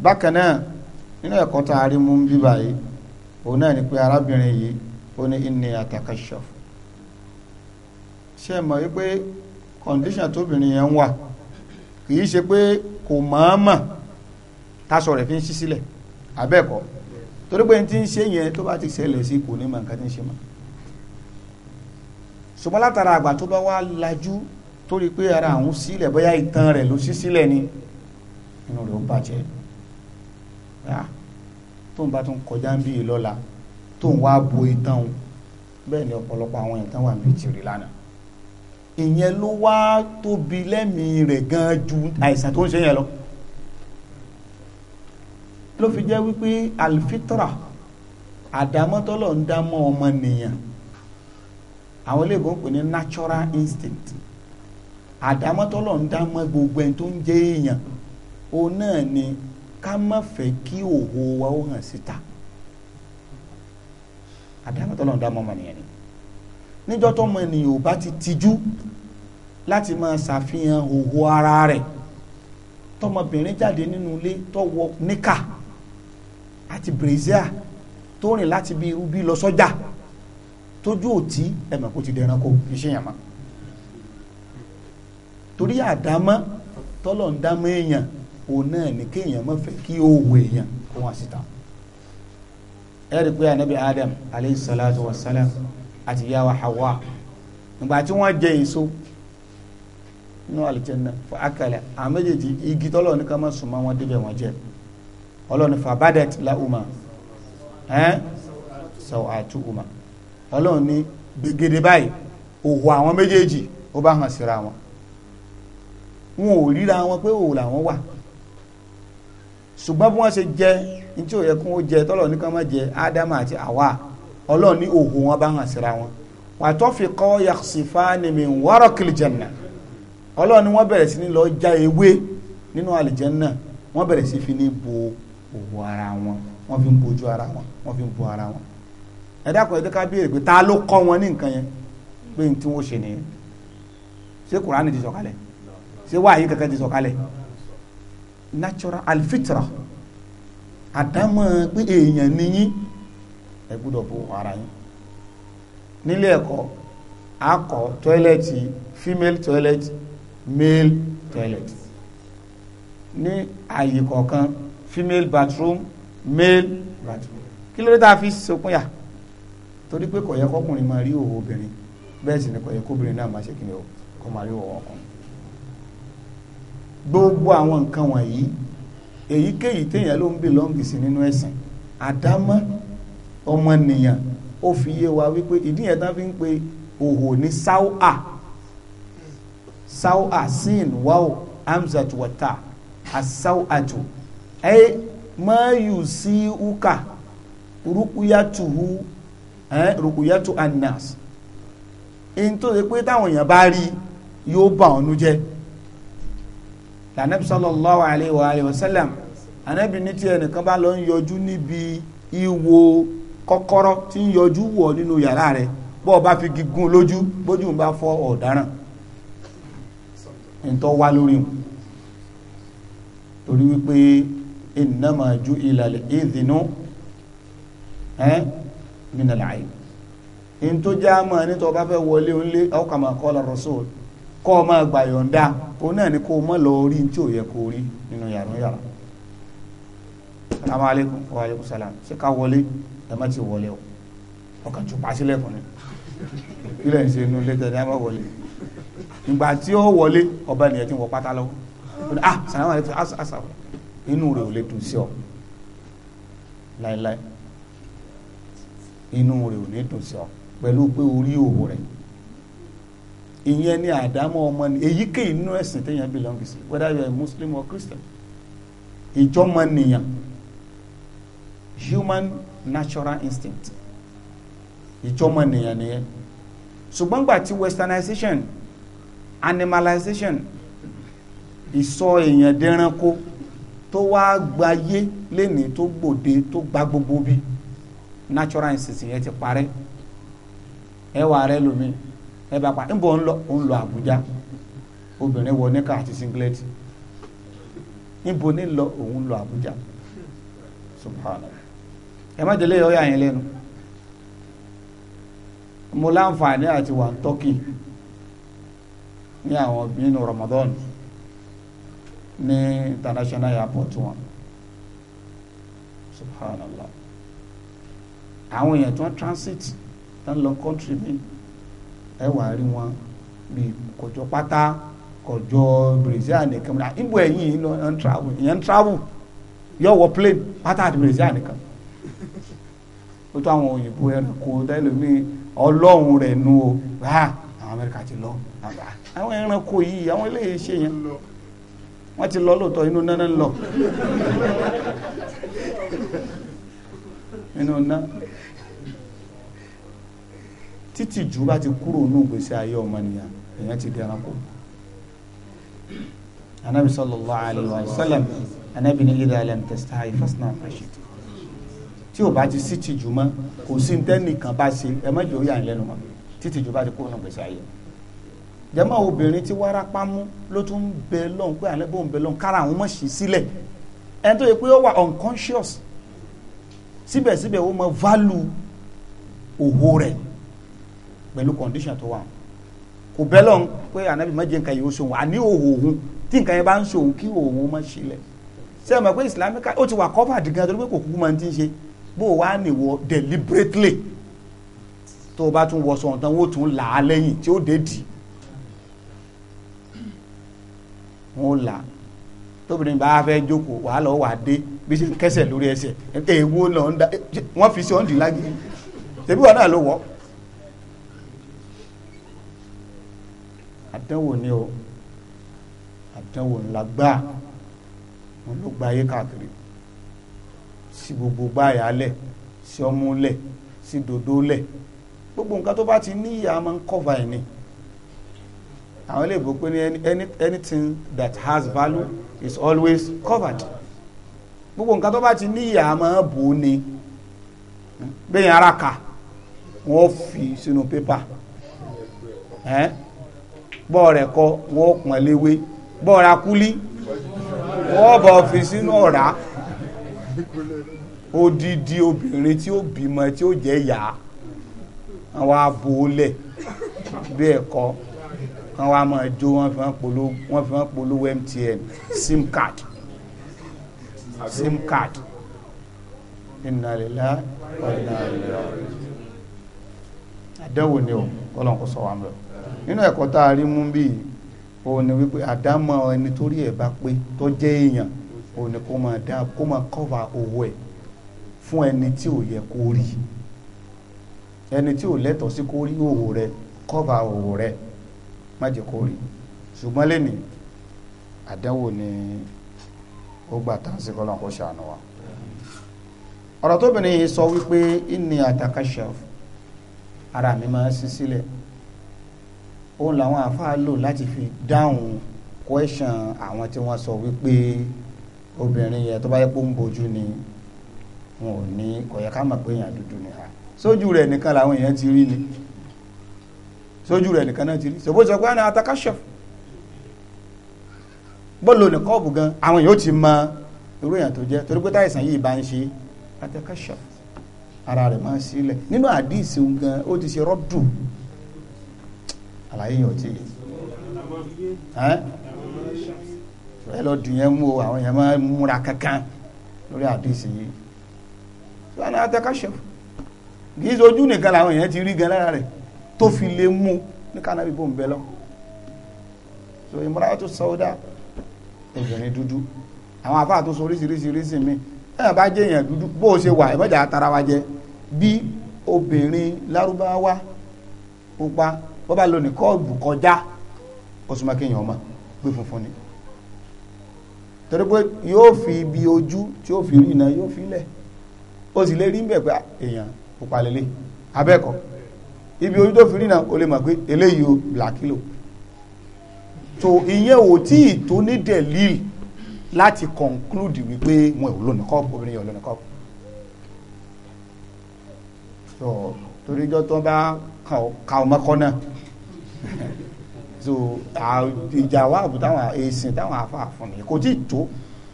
bákan náà nínú ẹ̀kọ́ tá a rí mú bíbá yìí òun náà ni pé arábìnrin yìí ó ní inni atakashaf ṣe mọ̀ wípé kọ̀ndíṣàn tóbìnrin yẹn ń wà kìí ṣe pé kò mọ̀ọ́mọ̀ tásọ rẹ̀ fi ń ṣí sílẹ̀ abẹ́ẹ̀kọ́ torí pé tí ń ṣe yẹn tó bá ti ṣẹlẹ̀ sí kò ní mọ̀ nǹkan tí ń ṣe mọ̀ ṣùgbọ́n látara àgbà tó bá wá lajú torí pé ara àwọn sílẹ̀ bóyá ìtàn rẹ̀ ló ṣí sílẹ̀ ni inú rẹ̀ ó bàjẹ́ tó ń bá tún kọjá ń bí lọ́la tó ń wá bo itan o bẹ́ẹ̀ ni ọ̀pọ̀lọpọ̀ àwọn itan wà níbi tìrì lánàá ìyẹn ló wá tóbi lẹ́mìí rẹ̀ gan ju àìsàn tó ń ṣe yẹn lọ ló fi jẹ́ wípé alfitra àdámọ́tọ́lọ̀ ń dámọ́ ọmọ nìyàn àwọn eléèbó pè ní natural instinct àdámọ́tọ́lọ̀ ń dámọ́ gbogbo ẹni tó ń jẹ́ èèyàn òun náà ni ká má fẹ́ kí òwò wa ó hàn síta. Si àdámọ́tọ́lọ́n dá mọ́mọ́ nìyẹn ni níjọ́ tó mọ ènìyàn ò bá ti tijú láti máa ṣàfihàn òwò ara rẹ̀ tọmọbìnrin jáde nínú ilé tó wọ níkà àti brazil tó rìn láti bí irú bí lọ sọ́jà tójú òtí ẹ̀mọ̀ kó ti dẹran kó iṣẹ́ yàn mọ́ torí àdámọ́ tọ́lọ̀ ń dámọ́ èèyàn òun náà ní kéèyàn má fẹ́ kí òwò èèyàn kó wá síta ẹ̀rí pé anabi adam aleyhi salatu wa salam àti yàwá hawa nígbà tí wọ́n jẹ èso nínú alìjẹ́nà fún akẹ́lẹ̀ àwọn méjèèjì igi tọ́lọ̀ ní ká má sùn máa wọ́n débẹ̀ wọ́n jẹ ọlọ́ni fabadet lauma ẹ́n sọ̀rọ̀ àti uma ọlọ́run gbẹgẹdẹ báyìí òwò àwọn méjèèjì ó bá hàn síra wọn wọn ò ríra wọn pé òwò làwọn wà ṣùgbọ́n bí wọ́n ṣe jẹ ní tí ò yẹ kún ó jẹ tọ́lọ̀ ní kan má jẹ ádámà àti àwa ọlọ́run ní òhò wọn bá hàn síra wọn wàtọ́ fi kọ́ yaksifani min waraqil janna ọlọ́run ni wọ́n bẹ̀rẹ̀ sí ní lọ já ewé nínú àlìjẹ́nà wọ́n bẹ̀rẹ̀ sí fi ní bo òwò ara wọn wọ́n fi ń bojú ara wọn wọ́n fi ń bo ara wọn ẹ dákun ẹ jẹ́ ká béèrè pé ta ló kọ́ wọn ní nǹkan yẹn pé n wọ́n ṣe nìyẹn ṣé kùránì ti sọ̀kalẹ̀ ṣé wáyé kankan natural alfitra àdámọ́ pé èèyàn ni yín ẹ gbọ́dọ̀ bò ara yín nílé ẹ̀kọ́ akọ tọ́ẹ̀lẹ̀tì female toilet male toilet ní àyè kọ̀ọ̀kan female bathroom male bathroom kí ló dé tá a fi sopin yà torí pé kò yẹ máa rí òwò obìnrin bẹ́ẹ̀ sì ni kò yẹ kóbìnrin náà máa ṣe kí ni o kó máa rí òwò ọkùnrin gbogbo àwọn nǹkan wọ̀nyí èyíkéyìí téèyàn ló ń bìlọ́ǹgì sí nínú ẹ̀sìn àdámọ́ ọmọnìyàn ó fi yé wa wípé ìdí yẹn tán fi ń pe òhò ní sáúà sáúà sin wáò amzat wata asáúàtù ẹ mọ́yù sí uka rukuyatuhu ẹ rukuyatu annas èyí tó ṣe pé táwọn èèyàn bá rí yóò bà ọ́nú jẹ́ lànàbí sallallahu alayhi wa alayhi wa sallam ànàbí ní tiẹ̀ nìkan bá lọ ń yọjú níbi ìwo kọ́kọ́rọ́ tí ń yọjú wọ̀ nínú yàrá rẹ̀ bọ́ ọ bá fi gígùn lójú bójú ń bá fọ́ ọ̀daràn ntọ́ wá lórí wọn torí wípé innama ju ìlàlẹ̀ ìdìnnú ẹ́ mìnàláyé ntọ́jà máa ní tọ́ bá fẹ́ wọlé ńlé ọkàmà kọ́lá rasul kọ́ ọ máa gbà yọ̀ǹda òun náà ni kó o mọ̀ lọ orí tí ò yẹ kó o rí nínú yàrá yàrá salamu aleykum wa aleykum salam ṣe ká wọlé ẹ má ti wọlé o ọkàn tún pa sílẹ̀kùn ni ilẹ̀ ń ṣe inú ilé tẹ̀lé ẹ má wọlé ìgbà tí ó wọlé ọba ènìyàn ti wọ pátá lọ ah salamu aleykum asa inú rẹ̀ ò lè dùn sí ọ láéláé inú rẹ̀ ò ní dùn sí ọ pẹ̀lú pé orí òwò rẹ̀ ìyẹn ni àdámọ́ ọmọ ni èyíkéyìí nínú ẹ̀sìn téèyàn belong sí whether you are muslim or christian ìjọmọ human natural instinct ìjọmọ nìyàn nìyẹn ṣùgbọ́n gbà tí westernization animalization ìsọ èèyàn dẹranko tó wá gbayé lénìí tó gbòde tó gba gbogbo bí natural instinct yẹn ti parẹ́ ẹwà rẹ lómi ẹ bá pa níbo ń lọ ń lọ Àbújá obìnrin wọ níkà àti singlet níbo ní lọ òun lọ Àbújá subhanallah ẹ má délé ọyà yẹn lẹ́nu mo láǹfààní àti wà tọ́kì ní àwọn nínú Ramadan ní international airport wọn subhanallah àwọn èèyàn tí wọ́n transit tán lọ country mi ẹ wà á rí wọn bí kọjọ pátá kọjọ brazil nìkan ah, ibo ẹ̀yìn lọ ń travel ìyẹn ń travel yọ wọ plane pátá àti brazil nìkan ó tó àwọn òyìnbó ẹranko tẹlẹmí ọlọ́run rẹ̀ nu o bá ah, àwọn amẹ́ríkà ti lọ àwọn ẹranko yìí àwọn eléyìí ṣe yẹn wọ́n ti lọ lóòótọ́ inú náà ń lọ inú náà títí jù bá ti kúrò nù gbèsè ayé ọmọnìyàn èèyàn ti di ẹranko anabi sallallahu alayhi wa sallam anabi ni idha lam tastahi fasna fashit tí o bá ti sí tìjú mọ kò sí ní tẹnìkan bá ṣe ẹ má jẹ ó yà ń lẹ́nu mọ́ títí jù bá ti kúrò nù gbèsè ayé jẹmọ obìnrin tí wárápá mú ló tún bẹ lọhùn pé alẹ bó ń bẹ lọhùn kára àwọn mọṣì sílẹ̀ ẹni tó yẹ pé ó wà unconscious síbẹ̀síbẹ̀ ó mọ value òwò rẹ̀ pẹ̀lú condition tó wà kò bẹ́ lọ́n pé ànábì má jẹ́ nǹkan yìí ó sòwò àní òhòhùn tí nǹkan yẹn bá ń sòwò kí òhòhùn má sílẹ̀ ṣé ẹ mọ̀ pé islamic ó ti wà covered gan torí pé kò kúkú máa ń ti ṣe bó o wá nìwọ deliberately tó o bá tún wọ sọ̀rọ̀ tán wọ́n tún là á lẹ́yìn tí ó dé dì wọ́n là tóbìnrin bá fẹ́ jókòó wàá lọ wàá dé bí ṣe kẹsẹ̀ lórí ẹsẹ̀ èèwọ̀ lọ́ọ́ wọ́n fi ṣe ọ́ndínláàgì tẹ̀bí wọn náà ló wọ́ àdánwò ni o àdánwò ńlá gbáà wọn ló gba ayé káàkiri sí gbogbo báyà lẹ̀ sí ọmú lẹ̀ sí dòdó lẹ̀ gbogbo nǹkan tó bá ti ní ìyá máa ń kọ́va ẹ̀ ni àwọn ilé ìbò pé ní anything that has value is always covered gbogbo nǹkan tó bá ti ní ìyá máa bò ó ni bẹ́ẹ̀ yẹn ara kà wọ́n fi sínú pépà Eh? bọ́ọ̀rẹ̀ kọ wọ́n pọ̀n léwé bọ́ọ̀ra kúlí wọ́n bọ̀ fi sínú ọ̀rá odidi obìnrin tí ó bímọ tí ó jẹ́ yá àwọn abo lẹ̀ bí ẹ̀kọ́ kan wá máa jó wọ́n fi wọ́n polówó MTN sim card sim card ìnàlélá ọ̀nà ìlera àdẹ́wò ni ó kọ́lọ́n kò sọ wá mẹ́rin nínú ẹ̀kọ́ tá a rí mú bí òun ni wípé àdámọ̀ ẹni torí ẹ̀ bá pé tó jẹ́ èèyàn òun ni kó máa dá kó máa kọ́va owó ẹ̀ fún ẹni tí ò yẹ kó rí ẹni tí ò lẹ́tọ̀ọ́ sí kó rí òwò rẹ kọ́va òwò rẹ má jẹ́ kó rí ṣùgbọ́n lẹ́nìí àdánwò ni ó gbà tán sí kọ́lọ́n kó ṣàánú wa ọ̀rọ̀ tóbìnrin yìí sọ wípé ìní àtàkàṣà ara mi máa ń sí sílẹ̀ si òun làwọn àáfàá lò láti fi dáhùn question àwọn tí wọ́n sọ wípé obìnrin yẹn tó bá yẹ kó ń bojú ni wọn ò ní kò yẹ ká mọ̀ pé èèyàn dúdú ni ha sójú rẹ̀ nìkan làwọn èèyàn ti rí ni sójú rẹ̀ nìkan náà ti rí ṣòbó sọ pé àwọn atakashọ bọ́ọ̀lù oníkọ́ọ̀bù gan àwọn èèyàn ó ti mọ irú èèyàn tó jẹ́ torí pé táìsàn yìí bá ń ṣe atakashọ ara rẹ̀ máa ń sílẹ̀ nínú àdìsí gan ó ti ṣe rọ́dù àlàyé yẹn ò tí yé ẹ lọ dùn yẹn mú o àwọn yẹn máa múra kankan lórí àdìsí yìí tí wọn náà tẹka ṣe kì í sojú nìkan làwọn yẹn ti rí gan lára rẹ tó fi lè mú ní kánábì bò ń bẹ lọ so ìmúra tó sọdá obìnrin dúdú àwọn afáà tó so oríṣiríṣiríṣi mi ẹ̀yàn bá jẹ́ èèyàn dúdú bó o ṣe wà ìmọ̀jà tara wa jẹ bí obìnrin lárúbáwá pupa bó bá lónìí kọ́ọ̀bù kọjá ó súnmọ́ kéèyàn ọmọ gbé funfun ni torí pé yóò fi ibi ojú tí ó fi rí iná yóò fi lẹ̀ ó sì lè rí bẹ̀ pé ah, èèyàn pupa lélẹ̀ abẹ́ẹ̀kọ́ ibi ojú tó fi rí iná ó lè mọ̀ pé eléyìí o blakilo so ìyẹn ò tí ì tó ní dẹ̀líl láti conclude wípé wọn ò lónìí kọ́ọ̀bù obìnrin yẹn lónìí kọ́ọ̀bù so torí jọ tó bá ka ọmọkọ náà so ìjà wa àbúrò táwọn èsìn táwọn afa fún mi kò tí ì tó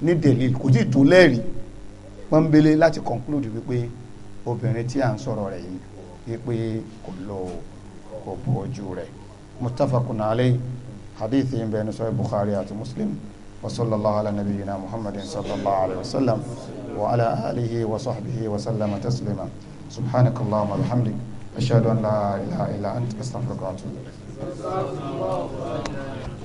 ní dèlè kò tí ì tó lẹ́rìí pọ́nbélé láti conclude wípé obìnrin tí à ń sọ̀rọ̀ rẹ̀ yìí wípé kò lọ kò bo ojú rẹ̀ muttafaqun alayhi hadithi ń bẹ ní sọ́yìn Bukhari àti Muslim wa sallallahu ala nabiyyina Muhammadin sallallahu alayhi wa sallam wa ala alihi wa sahbihi wa sallama taslima subhanakallahumma wa bihamdik ashhadu an la ilaha illa anta astaghfiruka wa atubu ilayk Jazakumullah khairan.